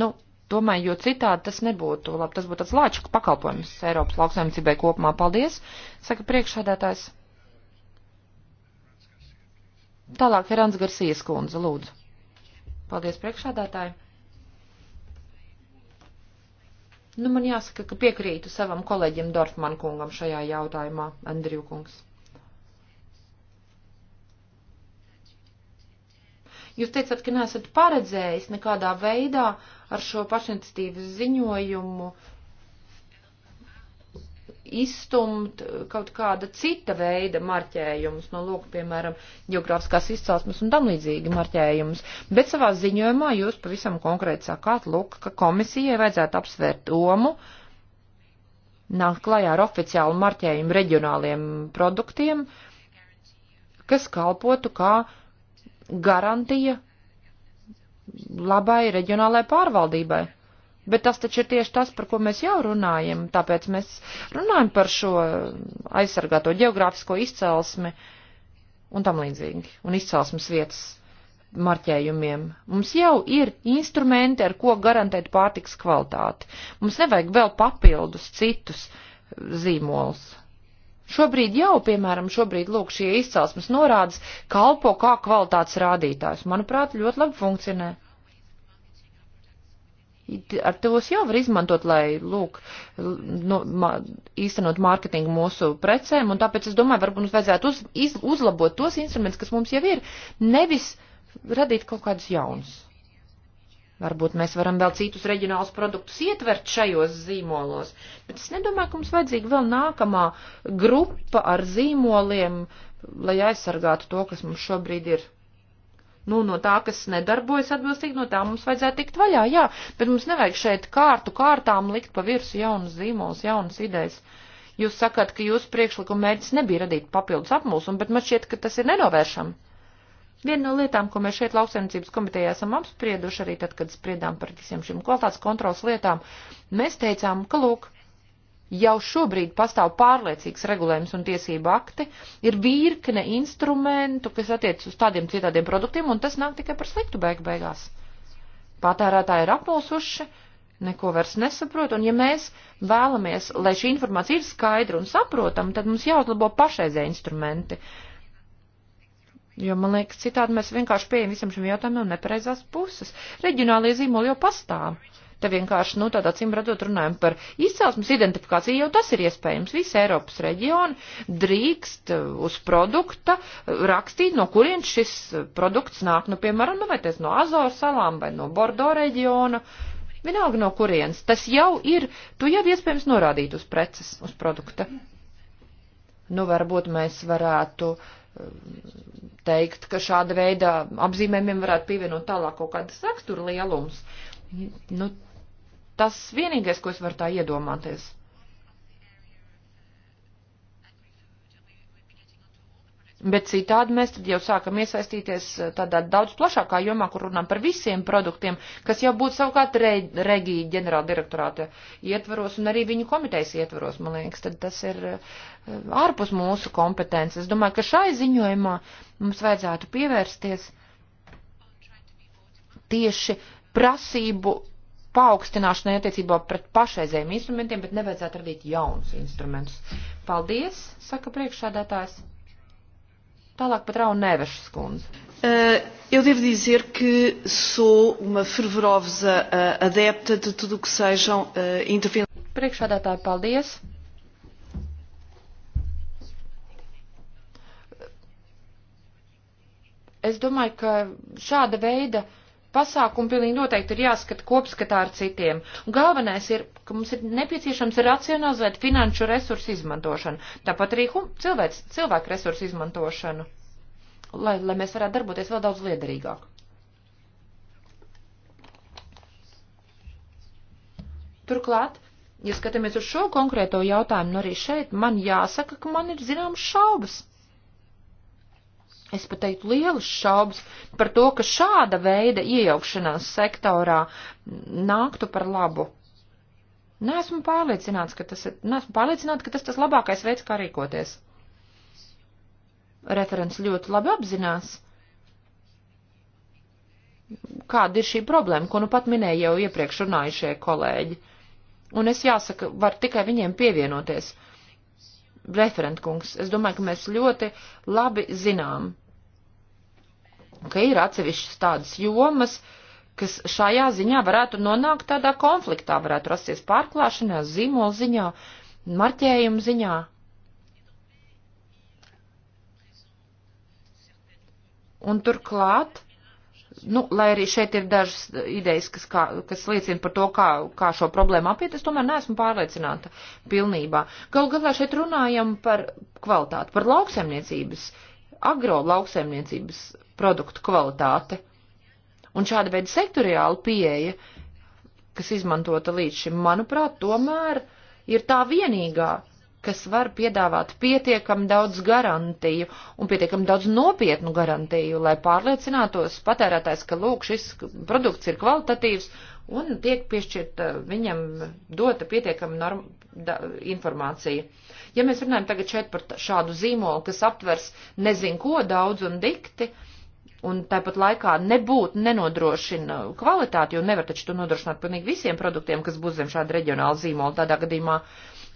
Nu, Domāju, jo citādi tas nebūtu labi. Tas būtu tāds lāču pakalpojums Eiropas lauksaimniecībai kopumā. Paldies, saka priekšsēdētājs. Tālāk Herāns Garsijas kundze, lūdzu. Paldies, priekšsēdētāji. Nu, man jāsaka, ka piekrītu savam kolēģim Dorfman kungam šajā jautājumā, Andriju kungs. Jūs teicat, ka neesat paredzējis nekādā veidā uh, ar šo pašinstitības ziņojumu izstumt kaut kāda cita veida marķējumus, no lūk, piemēram, geogrāfiskās izcelsmes un tam līdzīgi marķējumus. Bet savā ziņojumā jūs pavisam konkrēti sakāt, lūk, ka komisijai vajadzētu apsvērt domu, nākt klajā ar oficiālu marķējumu reģionāliem produktiem, kas kalpotu kā garantija labai reģionālai pārvaldībai. Bet tas taču ir tieši tas, par ko mēs jau runājam, tāpēc mēs runājam par šo aizsargāto geogrāfisko izcelsmi un tam līdzīgi, un izcelsmes vietas marķējumiem. Mums jau ir instrumenti, ar ko garantēt pārtiks kvalitāti. Mums nevajag vēl papildus citus zīmolus. Šobrīd jau, piemēram, šobrīd lūk šie izcelsmes norādes kalpo kā kvalitātes rādītājs. Manuprāt, ļoti labi funkcionē. Ar tos jau var izmantot, lai, lūk, no, ma, īstenot mārketingu mūsu precēm, un tāpēc es domāju, varbūt mums vajadzētu uz, iz, uzlabot tos instrumentus, kas mums jau ir, nevis radīt kaut kādus jaunus. Varbūt mēs varam vēl citus reģionālus produktus ietvert šajos zīmolos, bet es nedomāju, ka mums vajadzīga vēl nākamā grupa ar zīmoliem, lai aizsargātu to, kas mums šobrīd ir. Nu, no tā, kas nedarbojas atbilstīgi, no tā mums vajadzētu tikt vaļā, jā, bet mums nevajag šeit kārtu kārtām likt pa virsu jaunas zīmolas, jaunas idejas. Jūs sakāt, ka jūsu priekšlikuma mērķis nebija radīt papildus apmulsumu, bet man šķiet, ka tas ir nenovēršami. Viena no lietām, ko mēs šeit lauksaimniecības komitejā esam apsprieduši, arī tad, kad spriedām par visiem šiem kvalitātes kontrols lietām, mēs teicām, ka lūk, jau šobrīd pastāv pārliecīgs regulējums un tiesība akti, ir virkne instrumentu, kas attiec uz tādiem citādiem produktiem, un tas nāk tikai par sliktu beigu beigās. Patērētāji ir apmulsuši, neko vairs nesaprot, un ja mēs vēlamies, lai šī informācija ir skaidra un saprotama, tad mums jāuzlabo pašreizē instrumenti. Uh, Jo, man liekas, citādi mēs vienkārši pieejam visam šim jautājumam no nepareizās puses. Reģionālie zīmoli jau pastāv. Te vienkārši, nu, tādā cim radot runājam par izcelsmes identifikāciju, jau tas ir iespējams. Visi Eiropas reģioni drīkst uh, uz produkta uh, rakstīt, no kurien šis uh, produkts nāk, nu, piemēram, nu, vai tas no Azoru salām vai no Bordo reģiona. Vienalga no kurienes. Tas jau ir, tu jau iespējams norādīt uz preces, uz produkta. Nu, varbūt mēs varētu. Uh, teikt, ka šāda veida apzīmējumiem varētu pievienot tālāk kaut kādas rakstura lielums. Nu, tas vienīgais, ko es varu tā iedomāties. Bet citādi mēs tad jau sākam iesaistīties eh, tādā daudz plašākā jomā, kur runām par visiem produktiem, kas jau būtu savukārt re, regija ģenerāla direktorāta ietvaros un arī viņu komitejas ietvaros, man liekas, tad tas ir eh, ārpus mūsu kompetences. Es domāju, ka šai ziņojumā mums vajadzētu pievērsties tieši prasību paaugstināšanai attiecībā pret pašreizējiem instrumentiem, bet nevajadzētu radīt jaunus instrumentus. Paldies, saka priekšādātājs. Tālāk pat Rauna Nevešas kundze. Uh, eu devo dizer que sou uma fervorosa uh, adepta de tudo o que sejam uh, eh, intervenções. Priekšādātāji, paldies! Es domāju, ka šāda veida uh, pasākumi pilnīgi noteikti ir jāskata kopskatā ar citiem. Un galvenais ir, ka mums ir nepieciešams racionalizēt finanšu resursu izmantošanu, tāpat arī cilvēks, cilvēku resursu izmantošanu, lai, lai mēs varētu darboties vēl daudz liederīgāk. Turklāt, ja skatāmies uz šo konkrēto jautājumu, nu arī šeit man jāsaka, ka man ir zināmas šaubas es pat teiktu lielas šaubas par to, ka šāda veida iejaukšanās sektorā nāktu par labu. Nesmu pārliecināts, ka tas ir, nesmu pārliecināts, ka tas tas labākais veids, kā rīkoties. Referents ļoti labi apzinās, kāda ir šī problēma, ko nu pat minēja jau iepriekš runājušie kolēģi. Un es jāsaka, var tikai viņiem pievienoties referentkungs, es domāju, ka mēs ļoti labi zinām, ka ir atsevišķas tādas jomas, kas šajā ziņā varētu nonākt tādā konfliktā, varētu rasties pārklāšanā, zīmola ziņā, marķējuma ziņā. Un turklāt, nu, lai arī šeit ir dažas idejas, kas, kā, kas liecina par to, kā, kā šo problēmu apiet, es tomēr neesmu pārliecināta pilnībā. Gal galā šeit runājam par kvalitāti, par lauksaimniecības, agro lauksaimniecības produktu kvalitāte. Un šāda veida sektoriāla pieeja, kas izmantota līdz šim, manuprāt, tomēr ir tā vienīgā, kas var piedāvāt pietiekam daudz garantiju un pietiekam daudz nopietnu garantiju, lai pārliecinātos patērētājs, ka lūk, šis produkts ir kvalitatīvs un tiek piešķirta eh, viņam dota pietiekama norm, da, informācija. Ja mēs runājam tagad šeit par šādu zīmolu, kas aptvers nezin ko daudz un dikti, uh, un tāpat laikā nebūt nenodrošina kvalitāti, jo nevar taču to nodrošināt pilnīgi visiem produktiem, kas būs zem šāda reģionāla zīmola tādā gadījumā.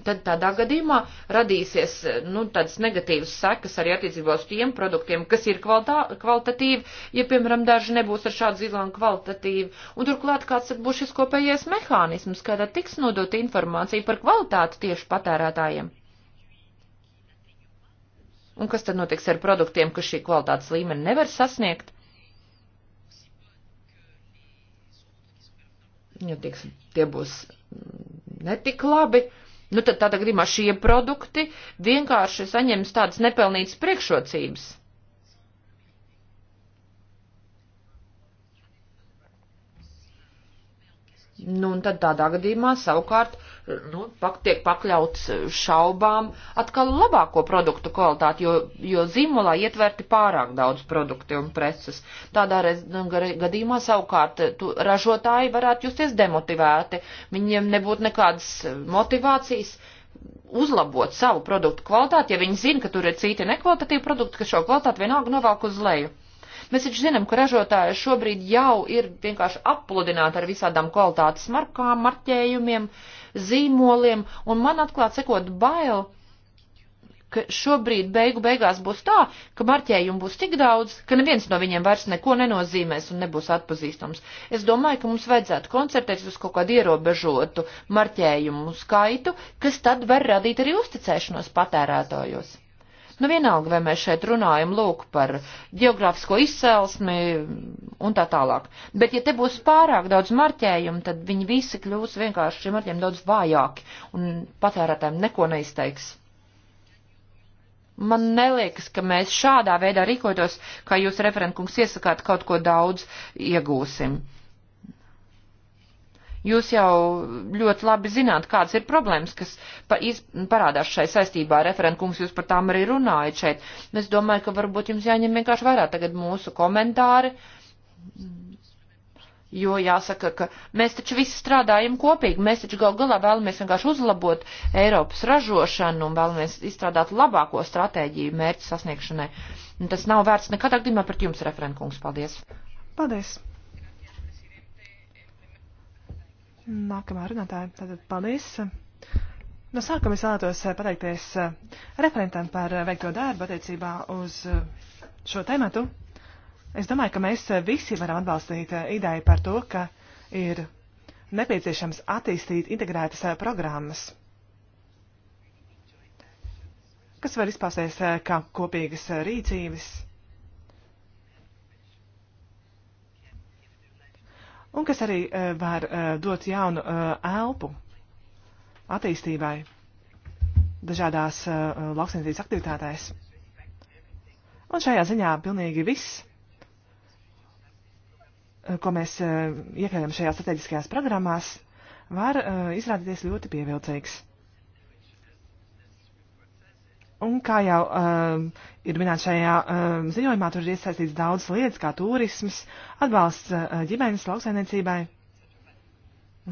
Tad tādā gadījumā radīsies, nu, tādas negatīvas sekas arī attiecībā uz tiem produktiem, kas ir kvalitā, kvalitatīvi, ja, piemēram, daži nebūs ar šādu zīlānu kvalitatīvi. Un turklāt kāds būs šis kopējais mehānisms, kādā tiks nodot informācija par kvalitāti tieši patērētājiem. Un kas tad notiks ar produktiem, kas šī kvalitātes līmeni nevar sasniegt? Jo tiks, tie būs netik labi. Nu tad tādā gadījumā šie produkti vienkārši saņems tādas nepelnītas priekšrocības. Nu, un tad tādā gadījumā savukārt nu, pak, tiek pakļauts šaubām atkal labāko produktu kvalitāti, jo, jo zīmolā ietverti pārāk daudz produkti un preces. Tādā rez, nu, gadījumā savukārt tu, ražotāji varētu justies demotivēti, viņiem nebūtu nekādas motivācijas uzlabot savu produktu kvalitāti, ja viņi zina, ka tur ir citi nekvalitatīvi produkti, ka šo kvalitāti vienalga novelk uz leju. Mēs taču zinām, ka ražotāji šobrīd jau ir vienkārši apludināti ar visādām kvalitātes markām, marķējumiem, zīmoliem, un man atklāt sekot bail, ka šobrīd beigu beigās būs tā, ka marķējumu būs tik daudz, ka neviens no viņiem vairs neko nenozīmēs un nebūs atpazīstams. Es domāju, ka mums vajadzētu koncertēties uz kaut kādu ierobežotu marķējumu skaitu, kas tad var radīt arī uzticēšanos patērētājos. Nu vienalga, vai mēs šeit runājam lūk par geogrāfisko izcelsmi un tā tālāk. Bet ja te būs pārāk daudz marķējumu, tad viņi visi kļūs vienkārši šiem marķiem daudz vājāki un patērētājiem neko neizteiks. Man neliekas, ka mēs šādā veidā rīkotos, kā jūs referentkungs iesakāt, kaut ko daudz iegūsim. Jūs jau ļoti labi zināt, kādas ir problēmas, kas pa, iz, parādās šai saistībā. Referentkungs, jūs par tām arī runājat šeit. Es domāju, ka varbūt jums jāņem vienkārši vairāk tagad mūsu komentāri. Jo jāsaka, ka mēs taču visi strādājam kopīgi, mēs taču gal galā vēlamies vienkārši uzlabot Eiropas ražošanu un vēlamies izstrādāt labāko stratēģiju mērķu sasniegšanai. Un tas nav vērts nekādā gadījumā pret jums, referentkungs. Paldies! Paldies! Nākamā runātāja, tātad paldies. No sākuma es vēlētos eh, pateikties eh, referentam par eh, veikto darbu attiecībā uz šo tematu. Es domāju, ka mēs visi varam atbalstīt ideju par to, ka ir nepieciešams attīstīt integrētas programmas, kas var izpausties kā kopīgas rīcības un kas arī eh, var eh, dot jaunu eh, elpu attīstībai dažādās lauksniecības aktivitātēs. Un šajā ziņā pilnīgi viss, ko mēs iekļaujam šajā strateģiskajās programmās, var izrādīties ļoti pievilcīgs. Un kā jau um, ir minēts šajā um, ziņojumā, tur ir iesaistīts daudz lietas, kā turisms, atbalsts uh, ģimenes lauksainiecībai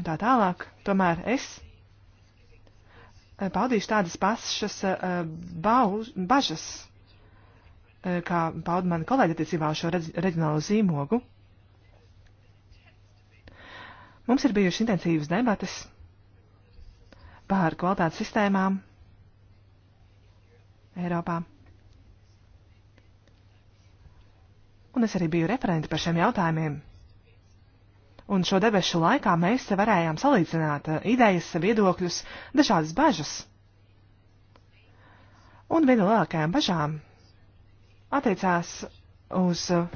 un tā tālāk. Tomēr es uh, paudīšu tādas pašas uh, bauž, bažas, uh, kā pauda mani kolēģi attiecībā uz šo redz, reģionālo zīmogu. Mums ir bijušas intensīvas debates par kvalitātes sistēmām Eiropā. Un es arī biju referenti par šiem jautājumiem. Un šo debešu laikā mēs varējām salīdzināt eh, idejas, viedokļus, dažādas bažas. Un viena no lielākajām bažām attiecās uz eh,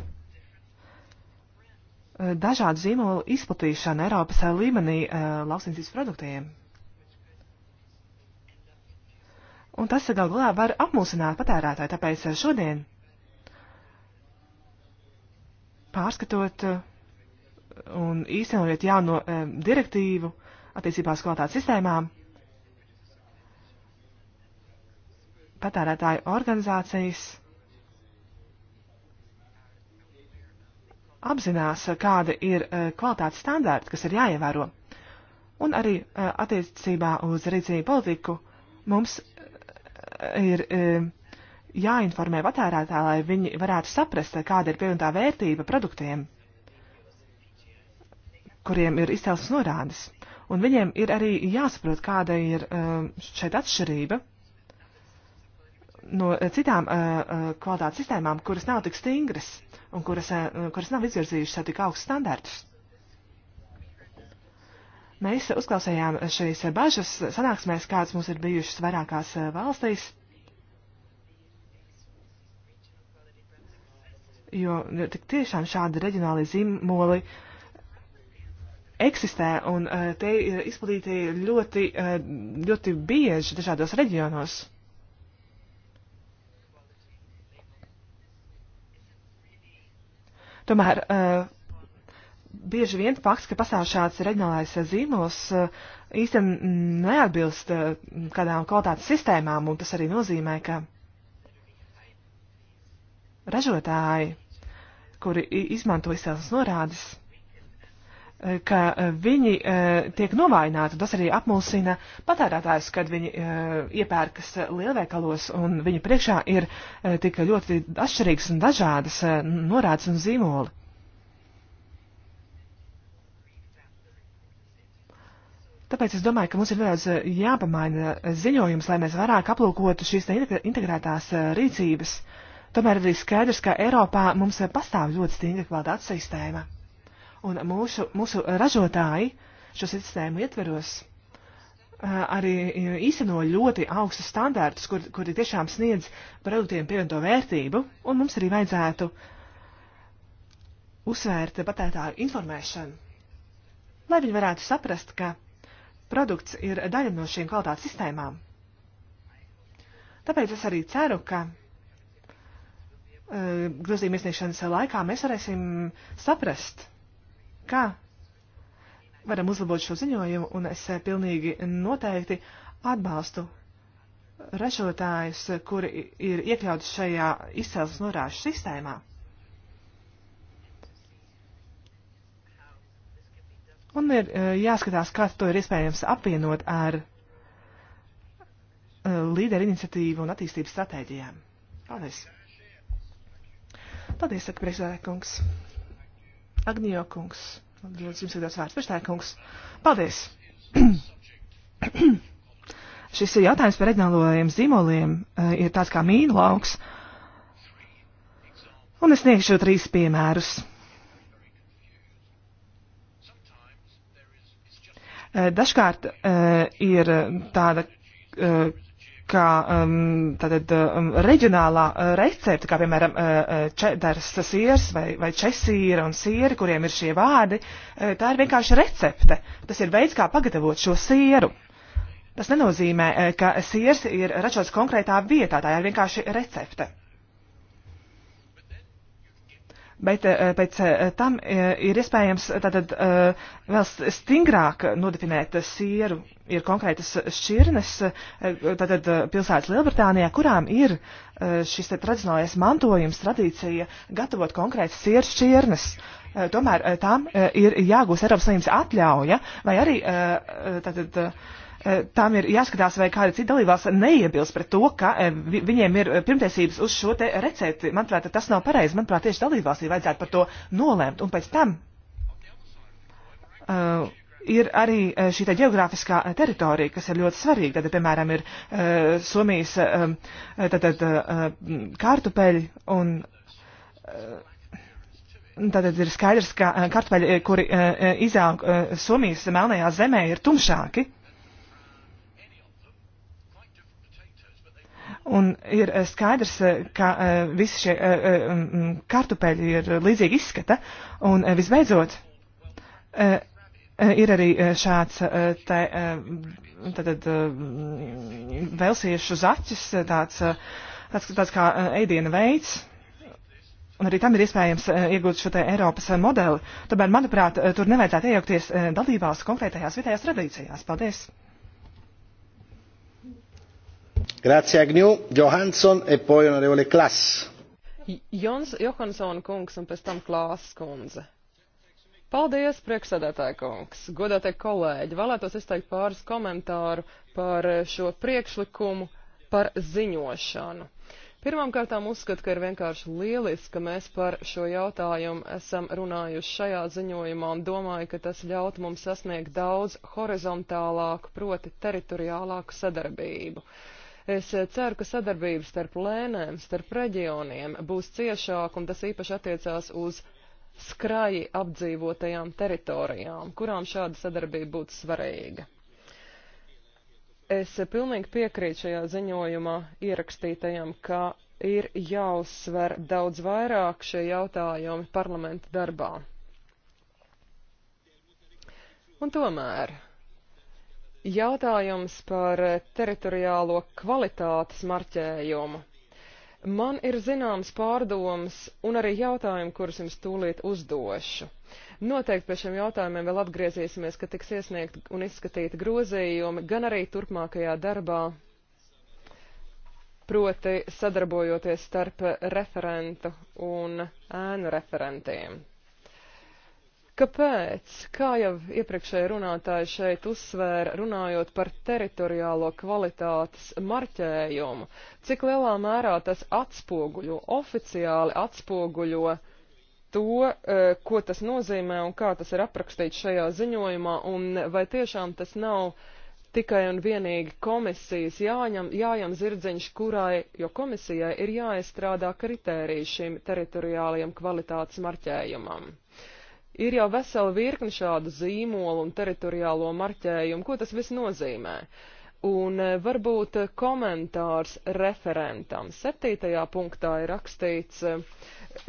dažādu zīmolu izplatīšanu Eiropas eh, līmenī lauksaimniecības produktiem. Un tas gal galā var apmulsināt patērētāju, tāpēc eh, šodien pārskatot eh, un īstenojot jauno eh, direktīvu attiecībās kvalitātes sistēmām, patērētāju organizācijas apzinās, kāda ir kvalitātes standārti, kas ir jāievēro. Un arī attiecībā uz rīcību politiku mums ir e, jāinformē patērētāji, lai viņi varētu saprast, kāda ir pievienotā vērtība produktiem, kuriem ir izcelsmes norādes. Un viņiem ir arī jāsaprot, kāda ir e, šeit atšķirība no e, citām kvalitātes sistēmām, kuras nav tik stingras un kuras, kuras nav izvirzījušas tik augstus standartus. Mēs uzklausījām šīs bažas sanāksmēs, kādas mums ir bijušas vairākās eh, valstīs. Jo nu, tik tiešām šādi reģionāli zīmoli eksistē un eh, tie ir izplatīti ļoti, eh, ļoti bieži dažādos reģionos. Tomēr uh, bieži vien fakts, ka pastāv šāds reģionālais zīmols, eh, īsten neatbilst eh, kādām kvalitātes sistēmām, un tas arī nozīmē, ka ražotāji, kuri izmanto izcelsmes norādes, eh, ka viņi tiek novājināti, tas arī apmulsina patērētājus, kad viņi iepērkas lielveikalos, un viņu priekšā ir tik ļoti atšķirīgas un dažādas norādes un zīmoli. Tāpēc es domāju, ka mums ir nedaudz jāpamaina ziņojums, lai mēs vairāk aplūkotu šīs integrētās rīcības. Tomēr arī skaidrs, ka Eiropā mums pastāv ļoti stingra kvalitātes sistēma. Un mūsu, mūsu ražotāji šo sistēmu ietveros arī īseno ļoti augstus standārtus, kur, kuri tiešām sniedz produktiem pievienoto vērtību, un mums arī vajadzētu uzsvērt patērētāju informēšanu, lai viņi varētu saprast, ka produkts ir daļa no šīm kvalitātes sistēmām. Tāpēc es arī ceru, ka e, grozījuma iesniegšanas laikā mēs varēsim saprast, kā varam uzlabot šo ziņojumu, un es pilnīgi noteikti atbalstu ražotājus, kuri ir iekļauti šajā izcelsmes norāžu sistēmā. Un ir e, jāskatās, kā to ir iespējams apvienot ar e, līderu iniciatīvu un attīstības stratēģijām. Paldies! Paldies, saka priekšsēdētājs. Agnijo kungs. Lūdzu, jums ir dots vārds. Priekšsēdētājs. Paldies! *clears throat* Šis jautājums par reģionālajiem zīmoliem e, ir tāds kā mīna lauks. Un es sniegšu trīs piemērus. Eh, dažkārt eh, ir eh, tāda kā um, tātad, um, reģionālā uh, recepte, kā piemēram uh, čedars siers vai, vai česīra un sieri, kuriem ir šie vārdi, uh, tā ir vienkārši recepte. Tas ir veids, kā pagatavot šo sieru. Tas nenozīmē, uh, ka siers ir ražots konkrētā vietā, tā ir vienkārši recepte bet eh, pēc eh, tam eh, ir iespējams tātad vēl stingrāk nodefinēt sieru. Ir konkrētas šķirnes, tātad pilsētas Lielbritānijā, kurām ir šis te tradicionālais mantojums, tradīcija gatavot konkrētas sieru šķirnes. Tomēr tām ir jāgūst Eiropas Savienības atļauja vai arī tātad Eh, Tām ir jāskatās, vai kāda cita dalībās neiebilst pret to, ka eh, viņiem ir eh, pirmtiesības uz šo te recepti. Manuprāt, tas nav pareizi. Manuprāt, tieši dalībvalstī vajadzētu par to nolēmt. Un pēc tam uh, ir arī šī te geogrāfiskā teritorija, kas ir ļoti svarīga. Tad, piemēram, ir uh, Somijas uh, tātad, uh, kārtupeļi un. Uh, Tātad ir skaidrs, ka kartupeļi, kuri uh, izaug uh, Somijas melnajā zemē, ir tumšāki. Uh, Un ir eh, skaidrs, eh, ka eh, visi šie kartupeļi ir līdzīgi izskata. Un visbeidzot, ir arī šāds te, tātad, velsiešu zaķis, tāds, tāds, tāds kā ēdiena veids. Un arī tam ir iespējams iegūt šo te Eiropas modeli. Tomēr, manuprāt, tur nevajadzētu iejaukties dalībās konkrētajās vietējās tradīcijās. Paldies! Grazie Agnew, Johansson e poi onorevole Klass. Jons Johansson kungs un pēc tam Klāsas kundze. Paldies, priekšsēdētāja kungs, godātie kolēģi. Vēlētos izteikt pāris komentāru par šo priekšlikumu par ziņošanu. Pirmkārtām uzskatu, ka ir vienkārši lieliski, ka mēs par šo jautājumu esam runājuši šajā ziņojumā un domāju, ka tas ļaut mums sasniegt daudz horizontālāku, proti teritoriālāku sadarbību. Uh, Es eh, ceru, ka sadarbība starp lēnēm, starp reģioniem būs ciešāka, un tas īpaši attiecās uz skraji apdzīvotajām teritorijām, kurām šāda sadarbība būtu svarīga. Es eh, pilnīgi piekrītu šajā ziņojumā ierakstītajam, ka ir jāuzsver daudz vairāk šie jautājumi parlamenta darbā. Un tomēr Jautājums par teritoriālo kvalitātes marķējumu. Man ir zināms pārdomas un arī jautājumi, kurus jums tūlīt uzdošu. Noteikti pie šiem jautājumiem vēl atgriezīsimies, kad tiks iesniegt un izskatīt grozījumi, gan arī turpmākajā darbā, proti sadarbojoties starp referentu un ēnu referentiem. Kāpēc? Kā jau iepriekšēji runātāji šeit uzsvēra, runājot par teritoriālo kvalitātes marķējumu, cik lielā mērā tas atspoguļo, oficiāli atspoguļo to, e, ko tas nozīmē un kā tas ir aprakstīts šajā ziņojumā, un vai tiešām tas nav tikai un vienīgi komisijas jāņem, jāņem zirdziņš, kurai, jo komisijai ir jāizstrādā kritēriji šim teritoriālajam kvalitātes marķējumam. Ir jau vesela virkni šādu zīmolu un teritoriālo marķējumu. Ko tas viss nozīmē? Un e, varbūt komentārs referentam. Septītajā punktā ir rakstīts, e,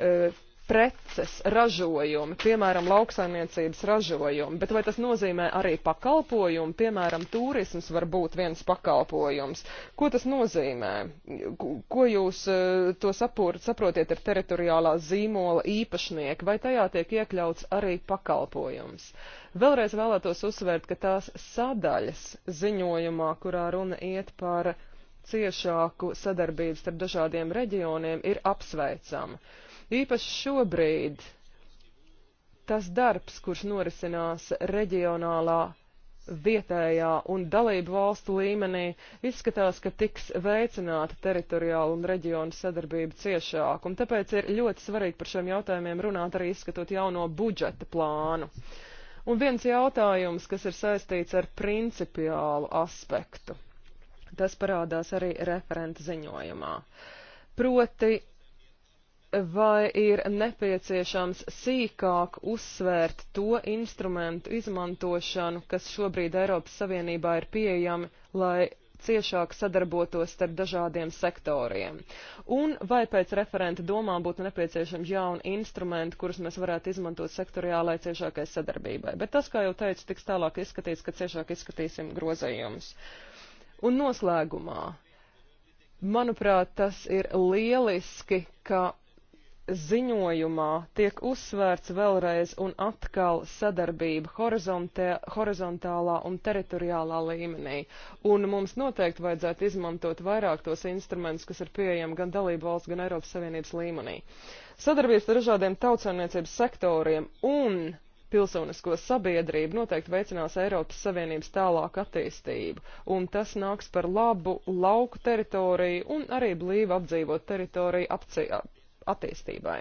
e, preces ražojumi, piemēram, lauksaimniecības ražojumi, bet vai tas nozīmē arī pakalpojumi, piemēram, turisms var būt viens pakalpojums. Ko tas nozīmē? Ko jūs e, to sapur, saprotiet ar teritoriālā zīmola īpašnieku, vai tajā tiek iekļauts arī pakalpojums? Vēlreiz vēlētos uzsvērt, ka tās sadaļas ziņojumā, kurā runa iet par ciešāku sadarbību starp dažādiem reģioniem, ir apsveicama Īpaši šobrīd tas darbs, kurš norisinās reģionālā vietējā un dalību valstu līmenī izskatās, ka tiks veicināta teritoriāla un reģiona sadarbība ciešāk, un tāpēc ir ļoti svarīgi par šiem jautājumiem runāt arī izskatot jauno budžeta plānu. Un viens jautājums, kas ir saistīts ar principiālu aspektu, tas parādās arī referenta ziņojumā. Proti vai ir nepieciešams sīkāk uzsvērt to instrumentu izmantošanu, kas šobrīd Eiropas Savienībā ir pieejami, lai ciešāk sadarbotos starp dažādiem sektoriem. Un vai pēc referenta domām būtu nepieciešams jauni instrumenti, kurus mēs varētu izmantot sektoriālai ciešākai sadarbībai. Bet tas, kā jau teicu, tiks tālāk izskatīts, ka ciešāk izskatīsim grozējumus. Un noslēgumā. Manuprāt, tas ir lieliski, ka ziņojumā tiek uzsvērts vēlreiz un atkal sadarbība horizontālā un teritoriālā līmenī. Un mums noteikti vajadzētu izmantot vairāk tos instrumentus, kas ir pieejami gan dalību valsts, gan Eiropas Savienības līmenī. Sadarbības ar dažādiem tautsaimniecības sektoriem un pilsonisko sabiedrību noteikti veicinās Eiropas Savienības tālāku attīstību, un tas nāks par labu lauku teritoriju un arī blīvi apdzīvot teritoriju apci attīstībai.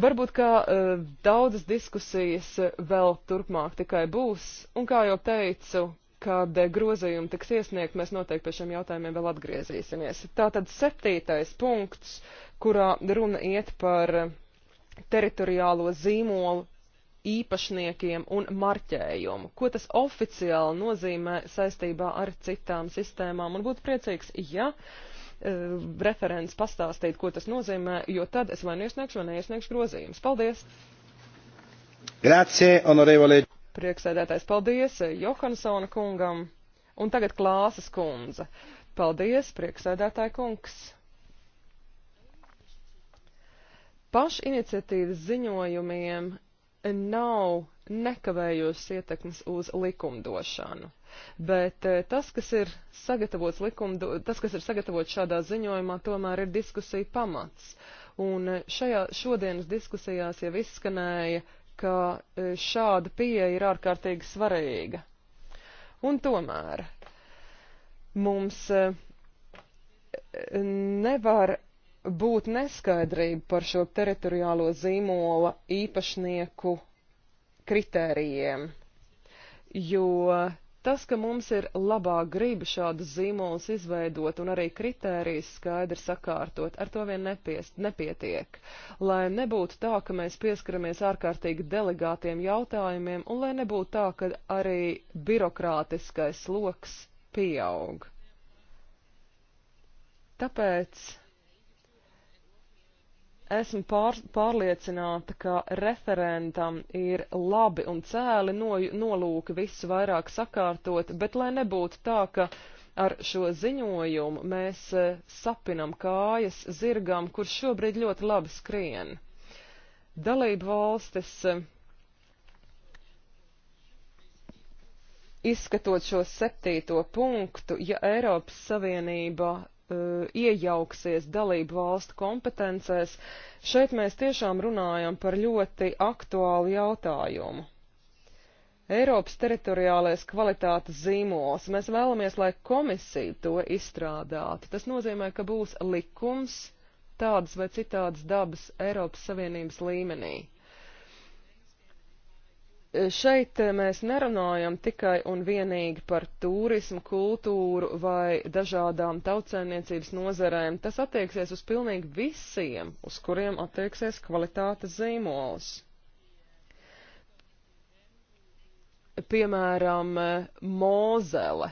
Varbūt, ka uh, daudzas diskusijas vēl turpmāk tikai būs, un kā jau teicu, kad grozījumi tiks iesniegt, mēs noteikti pie šiem jautājumiem vēl atgriezīsimies. Tātad septītais punkts, kurā runa iet par teritoriālo zīmolu īpašniekiem un marķējumu. Ko tas oficiāli nozīmē saistībā ar citām sistēmām? Un būtu priecīgs, ja uh, Eh, referents pastāstīt, ko tas nozīmē, jo tad es vai nu iesniegšu, vai neiesniegšu grozījumus. Paldies! Grazie, honorevole! Prieksēdētājs, paldies eh, Johansona kungam un tagad Klāsas kundze. Paldies, prieksēdētāja kungs! Pašiniciatīvas ziņojumiem nav nekavējusi ietekmes uz likumdošanu bet eh, tas, kas ir sagatavots likuma, tas, kas ir sagatavots šādā ziņojumā, tomēr ir diskusija pamats. Un eh, šajā šodienas diskusijās jau izskanēja, ka eh, šāda pieeja ir ārkārtīgi svarīga. Un tomēr mums nevar būt neskaidrība par šo teritoriālo zīmola īpašnieku kritērijiem, jo Tas, ka mums ir labā griba šādas zīmolas izveidot un arī kritērijas skaidri sakārtot, ar to vien nepiest, nepietiek. Lai nebūtu tā, ka mēs pieskaramies ārkārtīgi delegātiem jautājumiem un lai nebūtu tā, ka arī birokrātiskais sloks pieaug. Tāpēc Esmu pār, pārliecināta, ka referentam ir labi un cēli no, nolūki visu vairāk sakārtot, bet lai nebūtu tā, ka ar šo ziņojumu mēs e, sapinam kājas zirgam, kurš šobrīd ļoti labi skrien. Dalību valstis e, izskatot šo septīto punktu, ja Eiropas Savienība E, iejauksies dalību valstu kompetencēs, šeit mēs tiešām runājam par ļoti aktuālu jautājumu. Eiropas teritoriālais kvalitātes zīmols. Mēs vēlamies, lai komisija to izstrādātu. Tas nozīmē, ka būs likums tādas vai citādas dabas Eiropas Savienības līmenī. Šeit eh, mēs nerunājam tikai un vienīgi par turismu, kultūru vai dažādām tautsēmniecības nozerēm. Tas attieksies uz pilnīgi visiem, uz kuriem attieksies kvalitātes zīmols. Piemēram, eh, Mozele.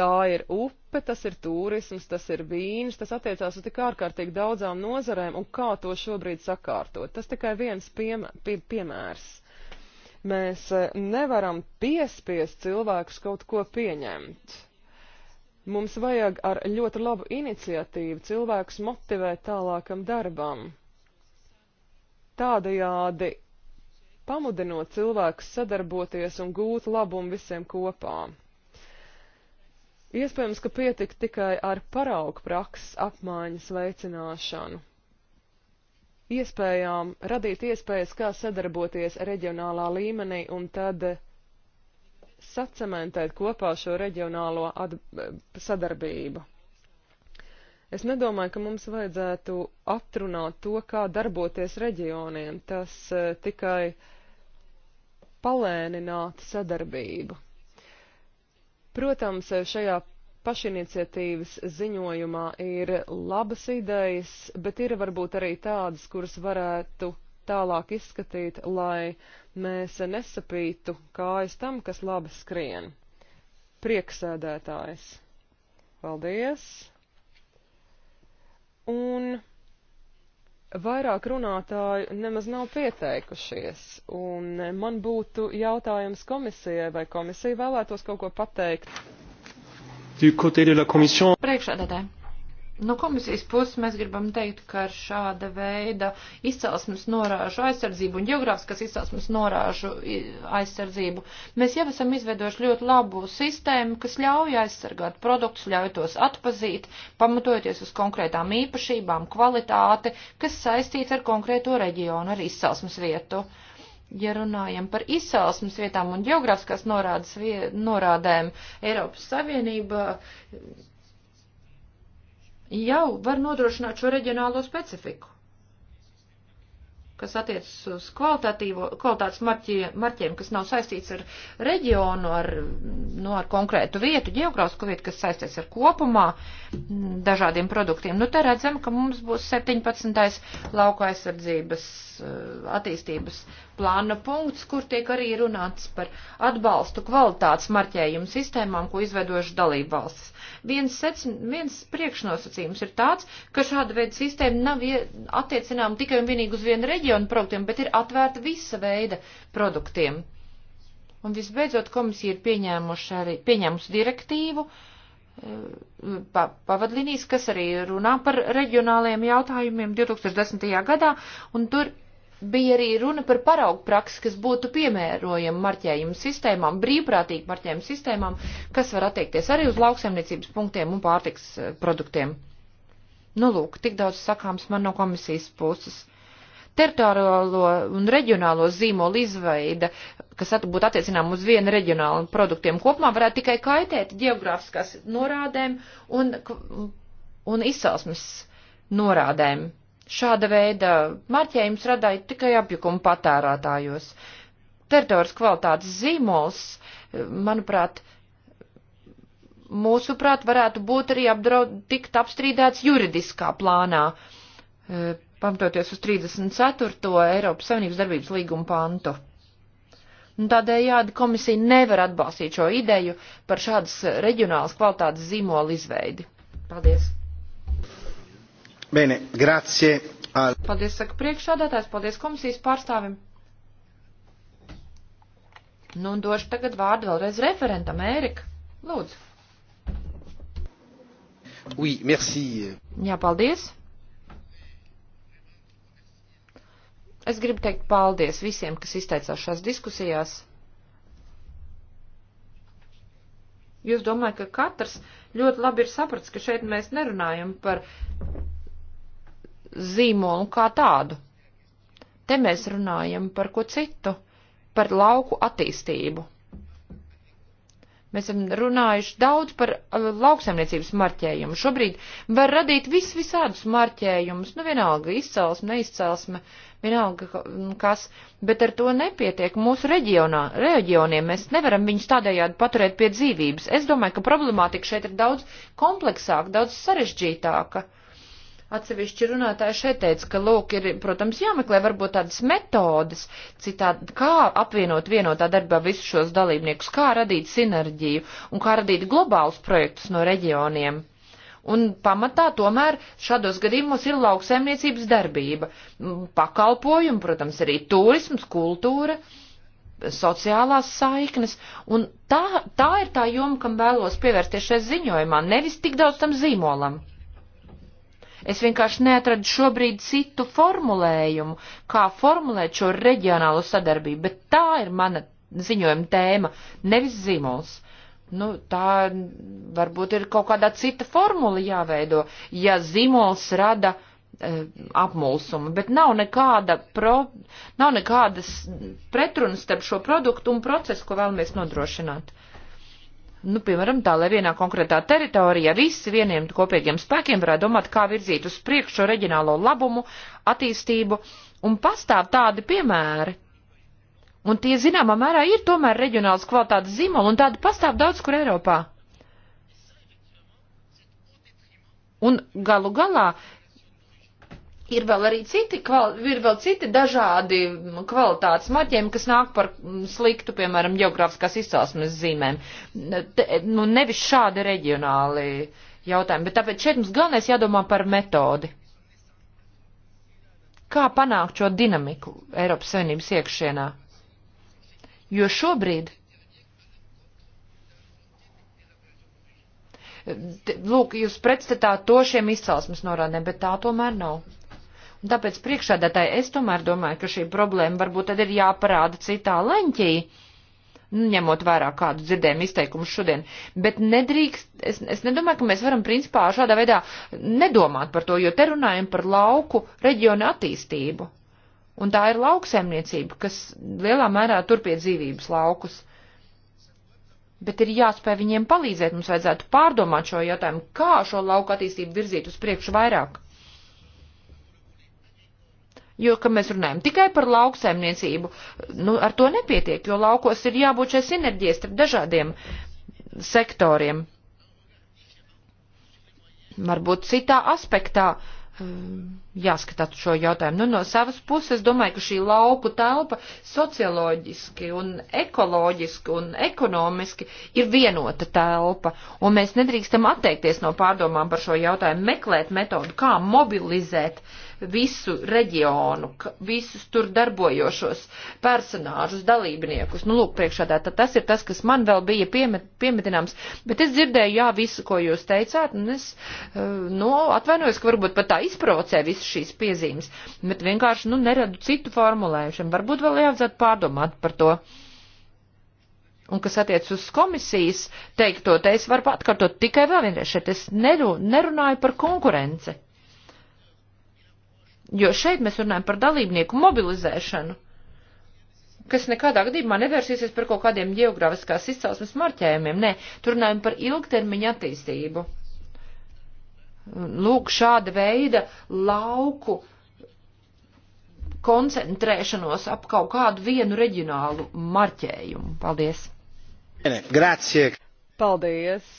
Tā ir upe, tas ir turisms, tas ir vīns, tas attiecās uz tik ārkārtīgi daudzām nozarēm un kā to šobrīd sakārtot. Tas tikai viens piemē, pie, piemērs Mēs e, nevaram piespiest cilvēkus kaut ko pieņemt. Mums vajag ar ļoti labu iniciatīvu cilvēkus motivēt tālākam darbam. Tādējādi pamudinot cilvēkus sadarboties un gūt labumu visiem kopā. Iespējams, ka pietika tikai ar paraugu prakses apmaiņas veicināšanu iespējām, radīt iespējas, kā sadarboties reģionālā līmenī un tad sacementēt kopā šo reģionālo eh, sadarbību. Es nedomāju, ka mums vajadzētu atrunāt to, kā darboties reģioniem. Tas uh, tikai palēninātu sadarbību. Protams, eh, šajā pašiniciatīvas ziņojumā ir labas idejas, bet ir varbūt arī tādas, kuras varētu tālāk izskatīt, lai mēs nesapītu kājas tam, kas labi skrien. Prieksēdētājs. Paldies! Un vairāk runātāju nemaz nav pieteikušies, un man būtu jautājums komisijai, vai komisija vēlētos kaut ko pateikt. Priekšādātāji. No komisijas puses mēs gribam teikt, ka ar šāda veida izcelsmes norāžu aizsardzību un geogrāfiskas izcelsmes norāžu aizsardzību mēs jau esam izveidojuši ļoti labu sistēmu, kas ļauj aizsargāt produktus, ļauj tos atpazīt, pamatojoties uz konkrētām īpašībām, kvalitāti, kas saistīts ar konkrēto reģionu, ar izcelsmes vietu. Uh, ja runājam par izcelsmes vietām un geogrāfiskās norādes, norādēm, Eiropas Savienība jau var nodrošināt šo reģionālo specifiku kas attiecas uz kvalitātes marķie, marķiem, kas nav saistīts ar reģionu, ar, nu, ar konkrētu vietu, ģeogrāfisku vietu, kas saistīts ar kopumā dažādiem produktiem. Nu, te redzam, ka mums būs 17. lauka aizsardzības e, attīstības plāna punkts, kur tiek arī runāts par atbalstu kvalitātes marķējumu sistēmām, ko izveidojuši dalību valstis. Viens, sec, viens priekšnosacījums ir tāds, ka šāda veida sistēma nav attiecināma tikai un vienīgi uz vienu reģionu, reģionu produktiem, bet ir atvērta visa veida produktiem. Un visbeidzot, komisija ir pieņēmuši arī, pieņēmusi direktīvu, eh, pa, pavadlinīs, kas arī runā par reģionāliem jautājumiem 2010. gadā, un tur bija arī runa par paraugu praksi, kas būtu piemērojama marķējuma sistēmām, brīvprātīgi marķējuma sistēmām, kas var attiekties arī uz lauksaimniecības punktiem un pārtiks eh, produktiem. Nu, lūk, tik daudz sakāms man no komisijas puses. Teritoriālo un reģionālo zīmolu izveida, kas at, būtu attiecinām uz vienu reģionālu produktiem kopumā, varētu tikai kaitēt geogrāfiskās norādēm un, un izcelsmes norādēm. Šāda veida marķējums radāja tikai apjukumu patērētājos. Teritorijas kvalitātes zīmols, manuprāt, mūsuprāt, varētu būt arī apdraud, tikt apstrīdēts juridiskā plānā pamatoties uz 34. Eiropas Savienības darbības līguma pantu. Un tādējādi komisija nevar atbalstīt šo ideju par šādas reģionālas kvalitātes zīmola izveidi. Paldies. Bene, grazie. Al... Paldies, saka priekšādātājs, paldies komisijas pārstāvim. Nu, un došu tagad vārdu vēlreiz referentam, Ērika. Lūdzu. Oui, merci. Jā, paldies. Es gribu teikt paldies visiem, kas izteicās šās diskusijās. Jūs domājat, ka katrs ļoti labi ir sapratis, ka šeit mēs nerunājam par zīmolu kā tādu. Te mēs runājam par ko citu, par lauku attīstību. Mēs esam runājuši daudz par uh, lauksaimniecības marķējumu. Šobrīd var radīt vis visādus marķējumus, nu vienalga izcelsme, neizcelsme, vienalga mm, kas, bet ar to nepietiek mūsu reģionā, reģioniem. Mēs nevaram viņus tādējādi paturēt pie dzīvības. Es domāju, ka problemātika šeit ir daudz kompleksāka, daudz sarežģītāka. Atsevišķi runātāji šeit teica, ka, lūk, ir, protams, jāmeklē varbūt tādas metodas, citādi, kā apvienot vienotā darbā visus šos dalībniekus, kā radīt sinerģiju un kā radīt globālus projektus no reģioniem. Un pamatā tomēr šādos gadījumos ir lauksaimniecības darbība, pakalpojumi, protams, arī turisms, kultūra sociālās saiknes, un tā, tā ir tā joma, kam vēlos pievērsties šajā ziņojumā, nevis tik daudz tam zīmolam. Es vienkārši neatradu šobrīd citu formulējumu, kā formulēt šo reģionālo sadarbību, bet tā ir mana ziņojuma tēma, nevis zīmols. Nu, tā varbūt ir kaut kādā cita formula jāveido, ja zīmols rada e, apmulsumu, bet nav nekāda pro, nav nekādas pretrunas starp šo produktu un procesu, ko vēlamies nodrošināt nu, piemēram, tā, lai vienā konkrētā teritorijā visi vieniem kopīgiem spēkiem varētu domāt, kā virzīt uz priekšu šo reģionālo labumu, attīstību, un pastāv tādi piemēri. Un tie, zināmā mērā, ir tomēr reģionāls kvalitātes zīmoli, un tādi pastāv daudz kur Eiropā. Un galu galā Ir vēl arī citi, ir vēl citi dažādi kvalitātes marķējumi, kas nāk par sliktu, piemēram, geogrāfiskās izcelsmes zīmēm. Te, nu, nevis šādi reģionāli jautājumi, bet tāpēc šeit mums galvenais jādomā par metodi. Kā panākt šo dinamiku Eiropas Savienības iekšienā? Jo šobrīd lūk, jūs pretstatāt to šiem izcelsmes norādēm, bet tā tomēr nav. Un tāpēc priekšādātāji es tomēr domāju, ka šī problēma varbūt tad ir jāparāda citā leņķī, nu, ņemot vērā kādu dzirdējumu izteikumu šodien. Bet nedrīkst, es, es nedomāju, ka mēs varam principā šādā veidā nedomāt par to, jo te runājam par lauku reģionu attīstību. Un tā ir lauksaimniecība, kas lielā mērā turpie dzīvības laukus. Bet ir jāspēj viņiem palīdzēt, mums vajadzētu pārdomāt šo jautājumu, kā šo lauku attīstību virzīt uz priekšu vairāk. Jo, ka mēs runājam tikai par lauksaimniecību, nu, ar to nepietiek, jo laukos ir jābūt šai sinerģijas starp dažādiem sektoriem. Varbūt citā aspektā eh, jāskatās šo jautājumu. Nu, no savas puses, domāju, ka šī lauku telpa socioloģiski un ekoloģiski un ekonomiski ir vienota telpa, un mēs nedrīkstam atteikties no pārdomām par šo jautājumu, meklēt metodu, kā mobilizēt uh, visu reģionu, visus tur darbojošos personāžus, dalībniekus. Nu, lūk, priekšādā, tad tas ir tas, kas man vēl bija piemet, piemetināms, bet es dzirdēju, jā, visu, ko jūs teicāt, un es, eh, nu, atvainojos, ka varbūt pat tā izprovocē visas šīs piezīmes, bet vienkārši, nu, neradu citu formulējušanu. Varbūt vēl jāvajadzētu pārdomāt par to. Un kas attiec uz komisijas teikto, te es varu atkārtot tikai vēl vienreiz, šeit es nerunāju par konkurenci. Jo šeit mēs runājam par dalībnieku mobilizēšanu, kas nekādā gadījumā nevērsīsies par kaut kādiem geogrāfiskās izcelsmes marķējumiem. Nē, tur runājam par ilgtermiņa attīstību. Lūk, šāda veida lauku koncentrēšanos ap kaut kādu vienu reģionālu marķējumu. Paldies! Grazie! Paldies!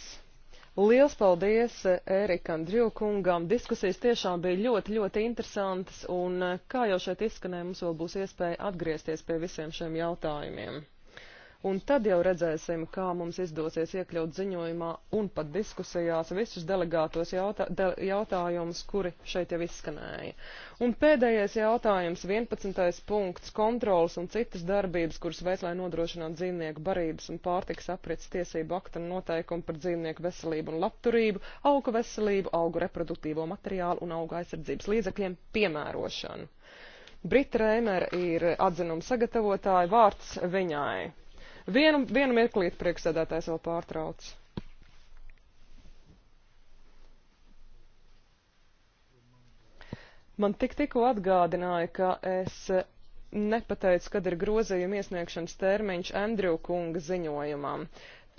Liels paldies Ērikam eh, Drjūkungam. Diskusijas tiešām bija ļoti, ļoti interesantas, un eh, kā jau šeit izskanēja, mums vēl būs iespēja atgriezties pie visiem šiem jautājumiem un tad jau redzēsim, kā mums izdosies iekļaut ziņojumā un pat diskusijās visus delegātos jautā, de, jautājumus, kuri šeit jau izskanēja. Un pēdējais jautājums, 11. punkts, kontrols un citas darbības, kuras veic, lai nodrošinātu dzīvnieku barības un pārtiks aprits tiesību aktu un noteikumu par dzīvnieku veselību un labturību, augu veselību, augu reproduktīvo materiālu un augu aizsardzības līdzekļiem piemērošanu. Brita Rēmera ir atzinuma sagatavotāja vārds viņai. Vienu, vienu mirklīt priekšsēdētājs vēl pārtrauc. Man tik tikko atgādināja, ka es nepateicu, kad ir grozījuma iesniegšanas termiņš Andriju kunga ziņojumam.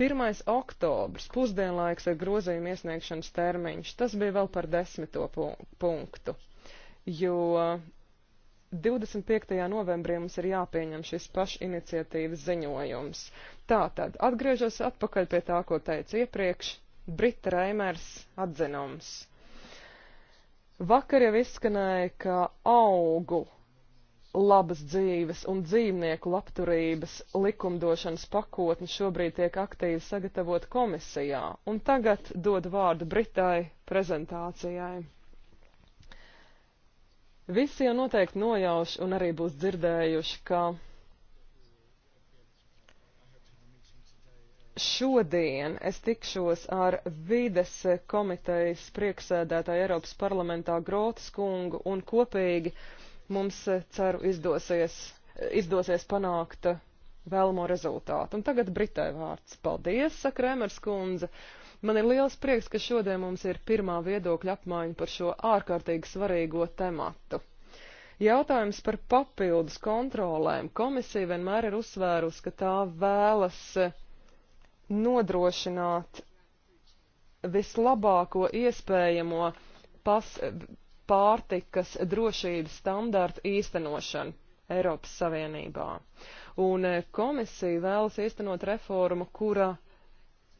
1. oktobrs, pusdienlaiks ir grozījuma iesniegšanas termiņš. Tas bija vēl par desmito punktu, jo 25. novembrī mums ir jāpieņem šis pašiniciatīvas ziņojums. Tātad, atgriežos atpakaļ pie tā, ko teicu iepriekš, Brita Reimers atzinums. Vakar jau izskanēja, ka augu labas dzīves un dzīvnieku labturības likumdošanas pakotni šobrīd tiek aktīvi sagatavot komisijā, un tagad dod vārdu Britai prezentācijai. Visi jau noteikti nojauš un arī būs dzirdējuši, ka šodien es tikšos ar vides komitejas prieksēdētāju Eiropas parlamentā Grotskungu un kopīgi mums eh, ceru izdosies, izdosies panākt eh, vēlamo rezultātu. Un tagad Britai vārds. Paldies, saka Rēmers kundze. Uh, Man ir liels prieks, ka šodien mums ir pirmā viedokļa apmaiņa par šo ārkārtīgi svarīgo tematu. Jautājums par papildus kontrolēm. Komisija vienmēr ir uzsvērusi, ka tā vēlas nodrošināt vislabāko iespējamo pas, pārtikas drošības standārtu īstenošanu Eiropas Savienībā. Un eh, komisija vēlas īstenot reformu, kura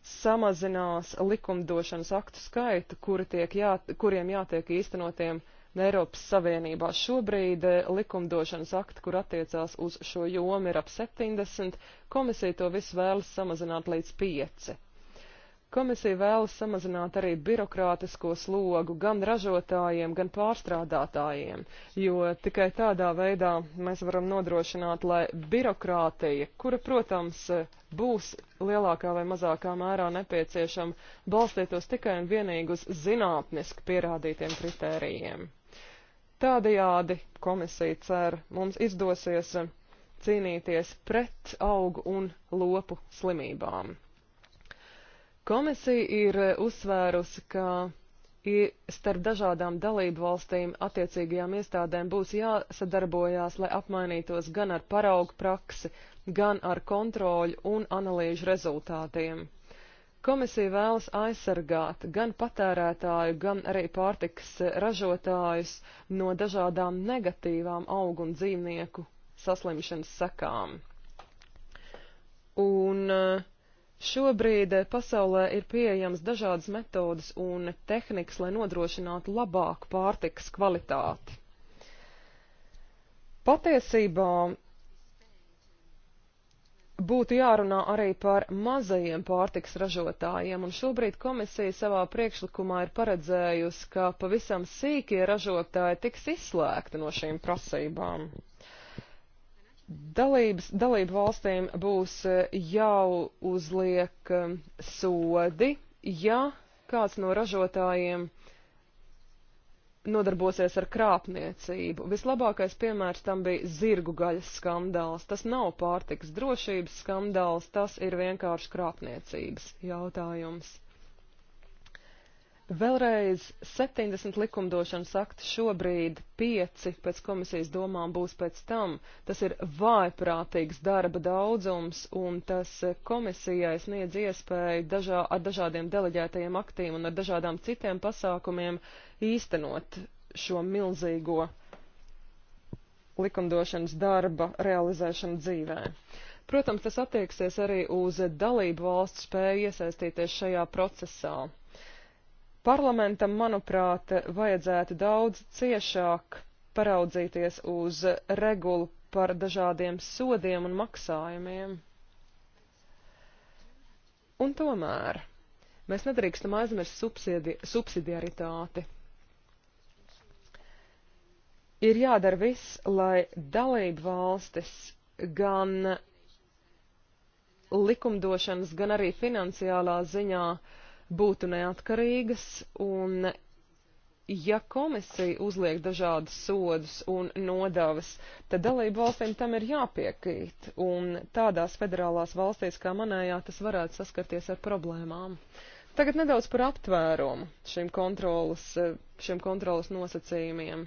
samazinās likumdošanas aktu skaitu, kuri tiek jā, kuriem jātiek īstenotiem Eiropas Savienībā. Šobrīd eh, likumdošanas akti, kur attiecās uz šo jomu, ir ap 70, komisija to visu vēlas samazināt līdz 5. Komisija vēlas samazināt arī birokrātisko slogu gan ražotājiem, gan pārstrādātājiem, jo tikai tādā veidā mēs varam nodrošināt, lai birokrātija, kura, protams, būs lielākā vai mazākā mērā nepieciešama, balstītos tikai un vienīgi uz zinātniski pierādītiem kritērijiem. Tādējādi komisija cer, mums izdosies cīnīties pret augu un lopu slimībām. Komisija ir eh, uzsvērusi, ka starp dažādām dalību valstīm attiecīgajām iestādēm būs jāsadarbojās, lai apmainītos gan ar paraugu praksi, gan ar kontroļu un analīžu rezultātiem. Komisija vēlas aizsargāt gan patērētāju, gan arī pārtiks ražotājus no dažādām negatīvām augu un dzīvnieku saslimšanas sekām. Un uh, Šobrīd eh, pasaulē ir pieejams dažādas metodas un tehnikas, lai nodrošinātu labāku pārtikas kvalitāti. Patiesībā būtu jārunā arī par mazajiem pārtiks ražotājiem, un šobrīd komisija savā priekšlikumā ir paredzējusi, ka pavisam sīkie ražotāji tiks izslēgti no šīm prasībām. Dalības, dalību valstīm būs eh, jau uzliek eh, sodi, ja kāds no ražotājiem nodarbosies ar krāpniecību. Vislabākais piemērs tam bija zirgu gaļas skandāls. Tas nav pārtiks drošības skandāls, tas ir vienkārši krāpniecības jautājums. Vēlreiz 70 likumdošanas akti šobrīd, 5 pēc komisijas domām būs pēc tam. Tas ir vājprātīgs darba daudzums, un tas komisijai sniedz iespēju dažā, ar dažādiem deleģētajiem aktīm un ar dažādām citiem pasākumiem īstenot šo milzīgo likumdošanas darba realizēšanu dzīvē. Protams, tas attieksies arī uz dalību valstu spēju iesaistīties šajā procesā Parlamentam, manuprāt, vajadzētu daudz ciešāk paraudzīties uz regulu par dažādiem sodiem un maksājumiem. Un tomēr mēs nedrīkstam aizmirst subsidi subsidiaritāti. Ir jādara viss, lai dalību valstis gan likumdošanas, gan arī finansiālā ziņā uh, būtu neatkarīgas un ja komisija uzliek dažādas sodus un nodavas, tad dalību valstīm tam ir jāpiekrīt, un tādās federālās valstīs kā manējā tas varētu saskarties ar problēmām. Tagad nedaudz par aptvērumu šiem kontrolas, šiem kontrolas nosacījumiem.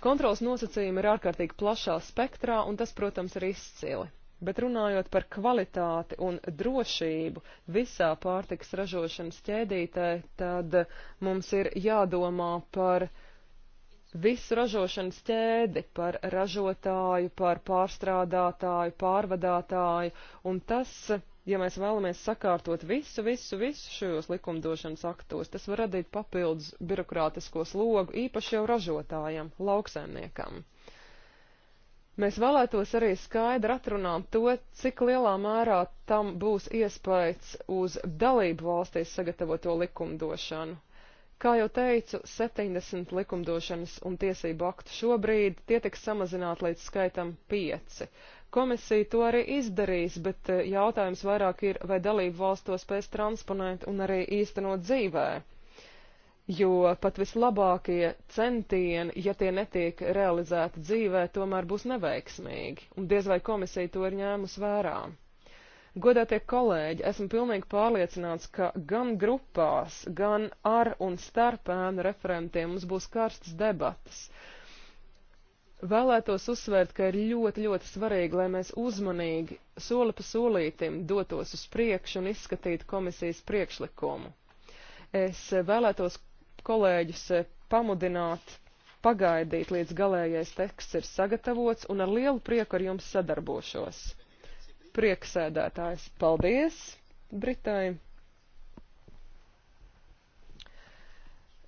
Kontrolas nosacījumi ir ārkārtīgi plašā spektrā, un tas, protams, ir izcili. Bet runājot par kvalitāti un drošību visā pārtiks ražošanas ķēdītē, tad mums ir jādomā par visu ražošanas ķēdi, par ražotāju, par pārstrādātāju, pārvadātāju, un tas, ja mēs vēlamies sakārtot visu, visu, visu šajos likumdošanas aktos, tas var radīt papildus birokrātisko slogu, īpaši jau ražotājam, lauksaimniekam. Mēs vēlētos arī skaidri atrunāt to, cik lielā mērā tam būs iespējas uz dalību valstīs sagatavoto likumdošanu. Kā jau teicu, 70 likumdošanas un tiesību aktu šobrīd tie tiks samazināti līdz skaitam 5. Komisija to arī izdarīs, bet eh, jautājums vairāk ir, vai dalību valstos spēs transponēt un arī īstenot dzīvē jo pat vislabākie centieni, ja tie netiek realizēti dzīvē, tomēr būs neveiksmīgi, un diez vai komisija to ir ņēmusi vērā. Godātie kolēģi, esmu pilnīgi pārliecināts, ka gan grupās, gan ar un starp ēnu referentiem mums būs karstas debatas. Vēlētos uzsvērt, ka ir ļoti, ļoti svarīgi, lai mēs uzmanīgi soli pa solītim dotos uz priekšu un izskatītu komisijas priekšlikumu. Es vēlētos kolēģis eh, pamudināt pagaidīt, līdz galējais teksts ir sagatavots, un ar lielu prieku ar jums sadarbošos. Prieksēdētājs, paldies Britai!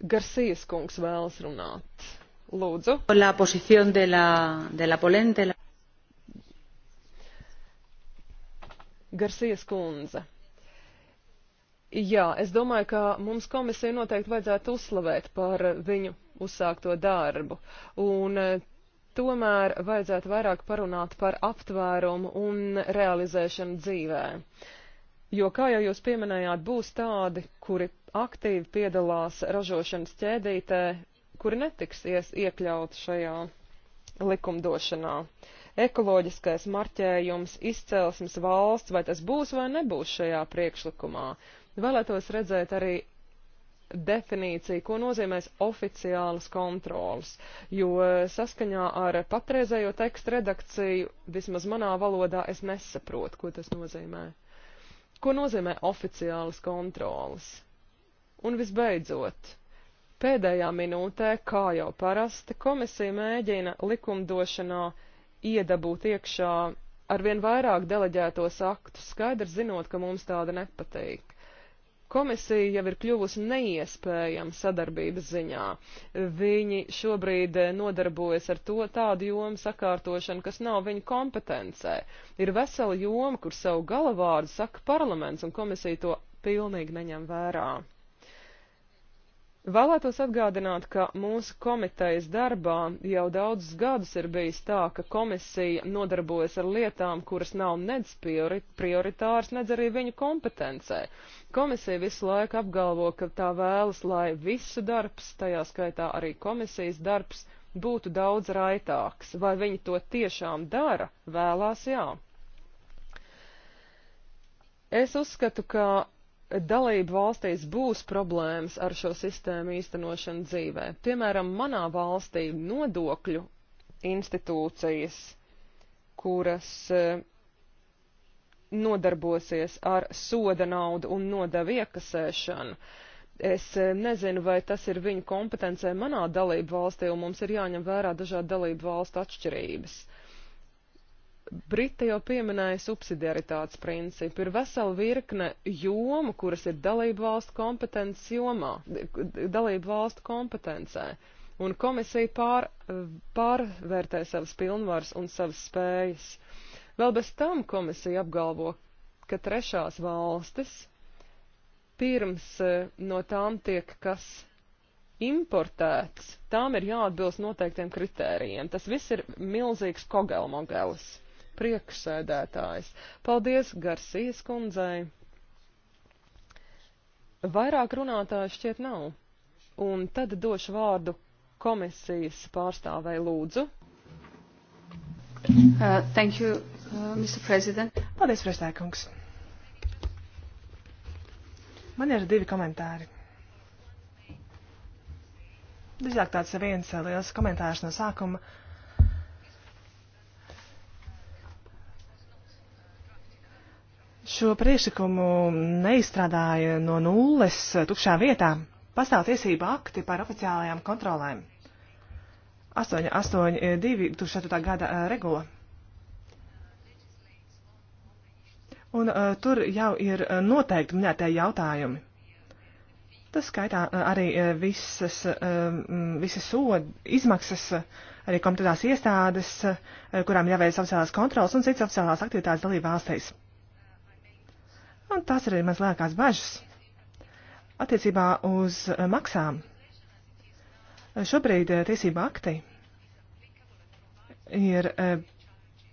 Garcijas kungs vēlas runāt. Lūdzu. La posición de la, de la polente. La... Garcijas kundze. Jā, es domāju, ka mums komisiju noteikti vajadzētu uzslavēt par viņu uzsākto darbu. Un e, tomēr vajadzētu vairāk parunāt par aptvērumu un realizēšanu dzīvē. Jo, kā jau jūs pieminējāt, būs tādi, kuri aktīvi piedalās ražošanas ķēdītē, kuri netiks iekļauti šajā likumdošanā. Ekoloģiskais marķējums, izcelsmes valsts, vai tas būs vai nebūs šajā priekšlikumā, Vēlētos redzēt arī definīciju, ko nozīmēs oficiālas kontrolas, jo saskaņā ar patreizējo tekstu redakciju, vismaz manā valodā, es nesaprotu, ko tas nozīmē. Ko nozīmē oficiālas kontrolas? Un visbeidzot, pēdējā minūtē, kā jau parasti, komisija mēģina likumdošanā iedabūt iekšā arvien vairāk deleģētos aktus, skaidrs zinot, ka mums tāda nepatīk. Komisija jau ir kļuvusi neiespējama sadarbības ziņā. Viņi šobrīd nodarbojas ar to tādu jomu sakārtošanu, kas nav viņu kompetencē. Ir vesela joma, kur savu galavārdu saka parlaments, un komisija to pilnīgi neņem vērā. Vēlētos atgādināt, ka mūsu komitejas darbā jau daudzus gadus ir bijis tā, ka komisija nodarbojas ar lietām, kuras nav nedz priori prioritāras, nedz arī viņu kompetencē. Komisija visu laiku apgalvo, ka tā vēlas, lai visu darbs, tajā skaitā arī komisijas darbs, būtu daudz raitāks. Vai viņi to tiešām dara? Vēlās jā. Es uzskatu, ka dalību valstīs būs problēmas ar šo sistēmu īstenošanu dzīvē. Piemēram, manā valstī nodokļu institūcijas, kuras eh, nodarbosies ar soda naudu un nodevu iekasēšanu. Es eh, nezinu, vai tas ir viņu kompetencē manā dalību valstī, un mums ir jāņem vērā dažādi dalību valstu atšķirības. Uh, Brita jau pieminēja subsidiaritātes principu. Ir vesela virkne jomu, kuras ir dalību valstu kompetences jomā, dalību valstu kompetencē. Un komisija pār, pārvērtē savas pilnvaras un savas spējas. Vēl bez tam komisija apgalvo, ka trešās valstis pirms eh, no tām tiek kas importēts, tām ir jāatbilst noteiktiem kritērijiem. Tas viss ir milzīgs kogelmogelis priekšsēdētājs. Paldies Garcijas kundzei. Vairāk runātāju šķiet nav. Un tad došu vārdu komisijas pārstāvei lūdzu. Uh, thank you, uh, Mr. President. Paldies, prezidentkungs. Man ir divi komentāri. Drīzāk tāds viens liels komentārs no sākuma. Uh, Šo priekšlikumu neizstrādāja no nulles tukšā vietā. Pastāv tiesība akti par oficiālajām kontrolēm. 8.8.2. 2004. gada regula. Un uh, tur jau ir noteikti minētie jautājumi. Tas skaitā arī visas, um, visas soda izmaksas, arī komitētās iestādes, kurām jāveic oficiālās kontrolas un citas oficiālās aktivitātes dalība valstīs un tās ir arī mans lēkās bažas. Attiecībā uz eh, maksām. Eh, šobrīd eh, tiesība akti ir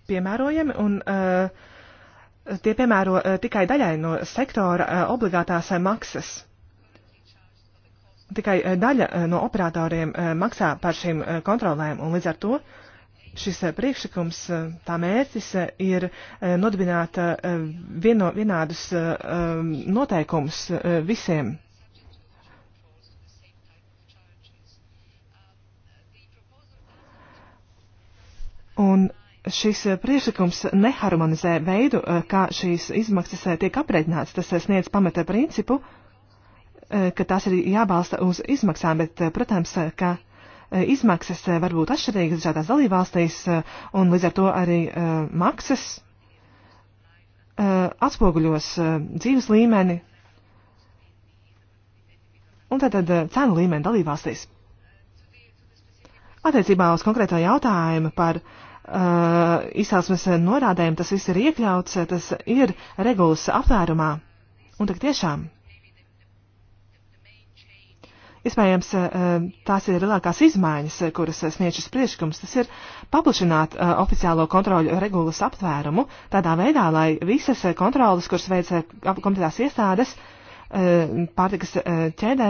piemērojami un tie piemēro tikai daļai no sektora obligātās maksas. Tikai daļa no operatoriem maksā par šīm kontrolēm un līdz ar to uh, šis eh, priekšlikums, eh, tā mērķis eh, ir nodibināt vieno, vienādus noteikumus visiem. Un šis priekšlikums neharmonizē veidu, kā šīs izmaksas tiek aprēķināts. Tas sniedz pamata principu, ka tās ir jābalsta uz izmaksām, bet, protams, ka Eh, izmaksas eh, var būt atšķirīgas dažādās dalībvalstīs, eh, un līdz ar to arī maksas atspoguļos dzīves līmeni un tātad cenu līmeni dalībvalstīs. Attiecībā uz konkrēto jautājumu par uh, izcelsmes norādēm tas viss ir iekļauts, tas ir regulas apvērumā. Un tik tiešām Iespējams, eh, eh, tās ir lielākās izmaiņas, eh, kuras sniedz šis priekšlikums. Tas ir paplašināt oficiālo kontroļu regulas aptvērumu tādā veidā, lai visas kontrolas, kuras veic komitētās iestādes pārtikas ķēdē,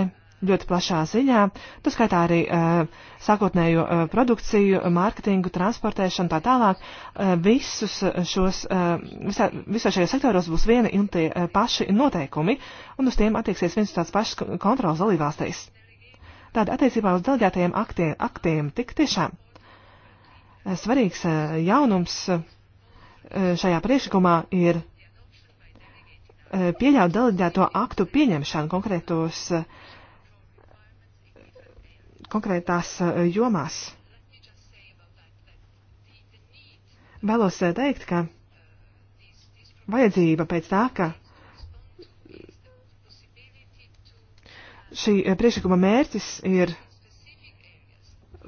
ļoti plašā ziņā, tas skaitā arī uh, sākotnējo uh, produkciju, mārketingu, transportēšanu tā tālāk. Uh, visus šos, uh, visā, visā šajos sektoros būs viena un tie uh, paši noteikumi, un uz tiem attieksies viens tāds pašs kontrols dalībvalstīs. Tāda attiecībā uz delegētajiem aktiem, aktiem tik tiešām eh, svarīgs eh, jaunums eh, šajā priekšlikumā ir pieļaut delegēto aktu pieņemšanu konkrētos, konkrētās jomās. Vēlos teikt, ka vajadzība pēc tā, ka šī eh, priekšlikuma mērķis ir,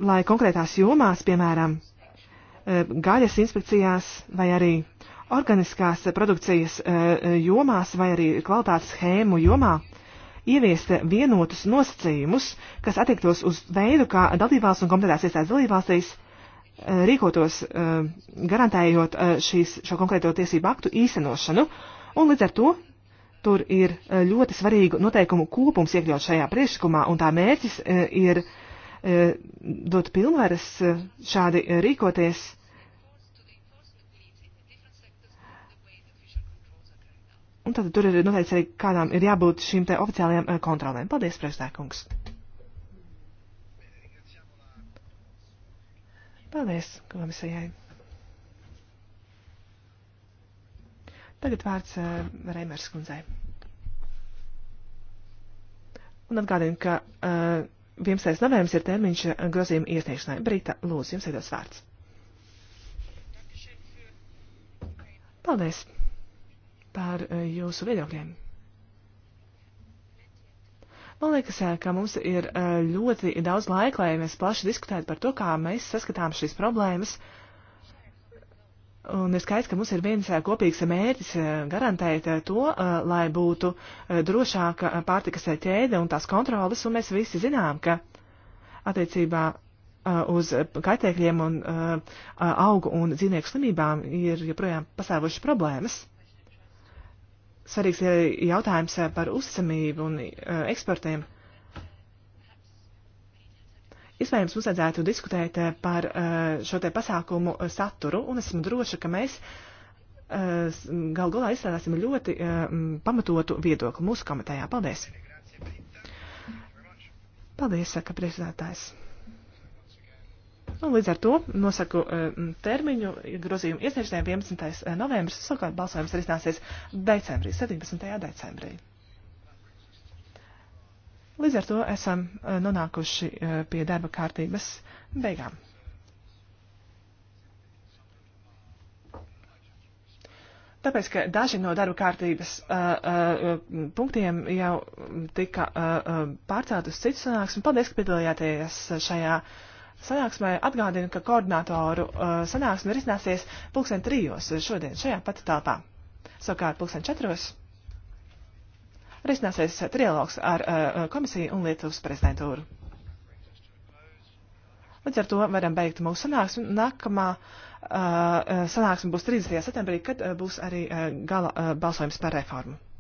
lai konkrētās jomās, piemēram, eh, gaļas inspekcijās vai arī organiskās produkcijas eh, jomās vai arī kvalitātes schēmu jomā ieviest vienotus nosacījumus, kas attiektos uz veidu, kā dalībvalsts un kompetentās iestādes dalībvalstīs rīkotos, garantējot šīs, šo konkrēto tiesību aktu īstenošanu, un līdz ar to Tur ir e, ļoti svarīgu noteikumu kopums iekļaut šajā priekšlikumā, un tā mērķis e, ir e, dot pilnvaras šādi rīkoties. Un tad tur ir noteikts arī, kādām ir jābūt šīm te oficiālajām kontrolēm. Paldies, prezidēkungs! Paldies komisijai! Tagad vārds eh, Reimers kundzei. Un atgādinu, ka uh, eh, 11. novembris ir termiņš eh, grozījuma iesniegšanai. Brita, lūdzu, jums ir dos vārds. Paldies par uh, jūsu viedokļiem. Man liekas, ka mums ir uh, ļoti daudz laika, lai mēs plaši diskutētu par to, kā mēs saskatām šīs problēmas. Uh, Un ir skaidrs, ka mums ir viens eh, kopīgs mērķis eh, garantēt eh, to, lai būtu drošāka pārtikas ķēde un tās kontrolas, un mēs visi zinām, ka attiecībā uz kaitēkļiem un augu un dzīvnieku slimībām ir joprojām pasāvošas problēmas. Svarīgs ir jautājums par uzticamību un eksportiem. Uh, Iespējams, mums vajadzētu diskutēt eh, par eh, šo te pasākumu eh, saturu, un esmu droša, ka mēs gal galā izstrādāsim ļoti pamatotu viedokli mūsu komitējā. Paldies! Paldies, saka priekšsēdētājs. Un līdz ar to nosaku termiņu grozījumu iesniegšanai 11. novembris, savukārt balsojums risināsies decembrī, 17. decembrī. Līdz ar to esam eh, nonākuši eh, pie darba kārtības beigām. Tāpēc, ka daži no darba kārtības uh, uh, punktiem jau tika uh, pārcelt uz citu sanāksmi. Paldies, ka piedalījāties šajā sanāksmē. Atgādinu, ka koordinātoru uh, sanāksme ir iznāsies pulksten trijos šodien šajā pat telpā. Savukārt pulksten četros risināsies trialogs ar eh, komisiju un Lietuvas prezidentūru. Līdz ar to varam beigt mūsu sanāksmi. Nākamā uh, sanāksme būs 30. septembrī, kad uh, būs arī uh, gala uh, balsojums par reformu.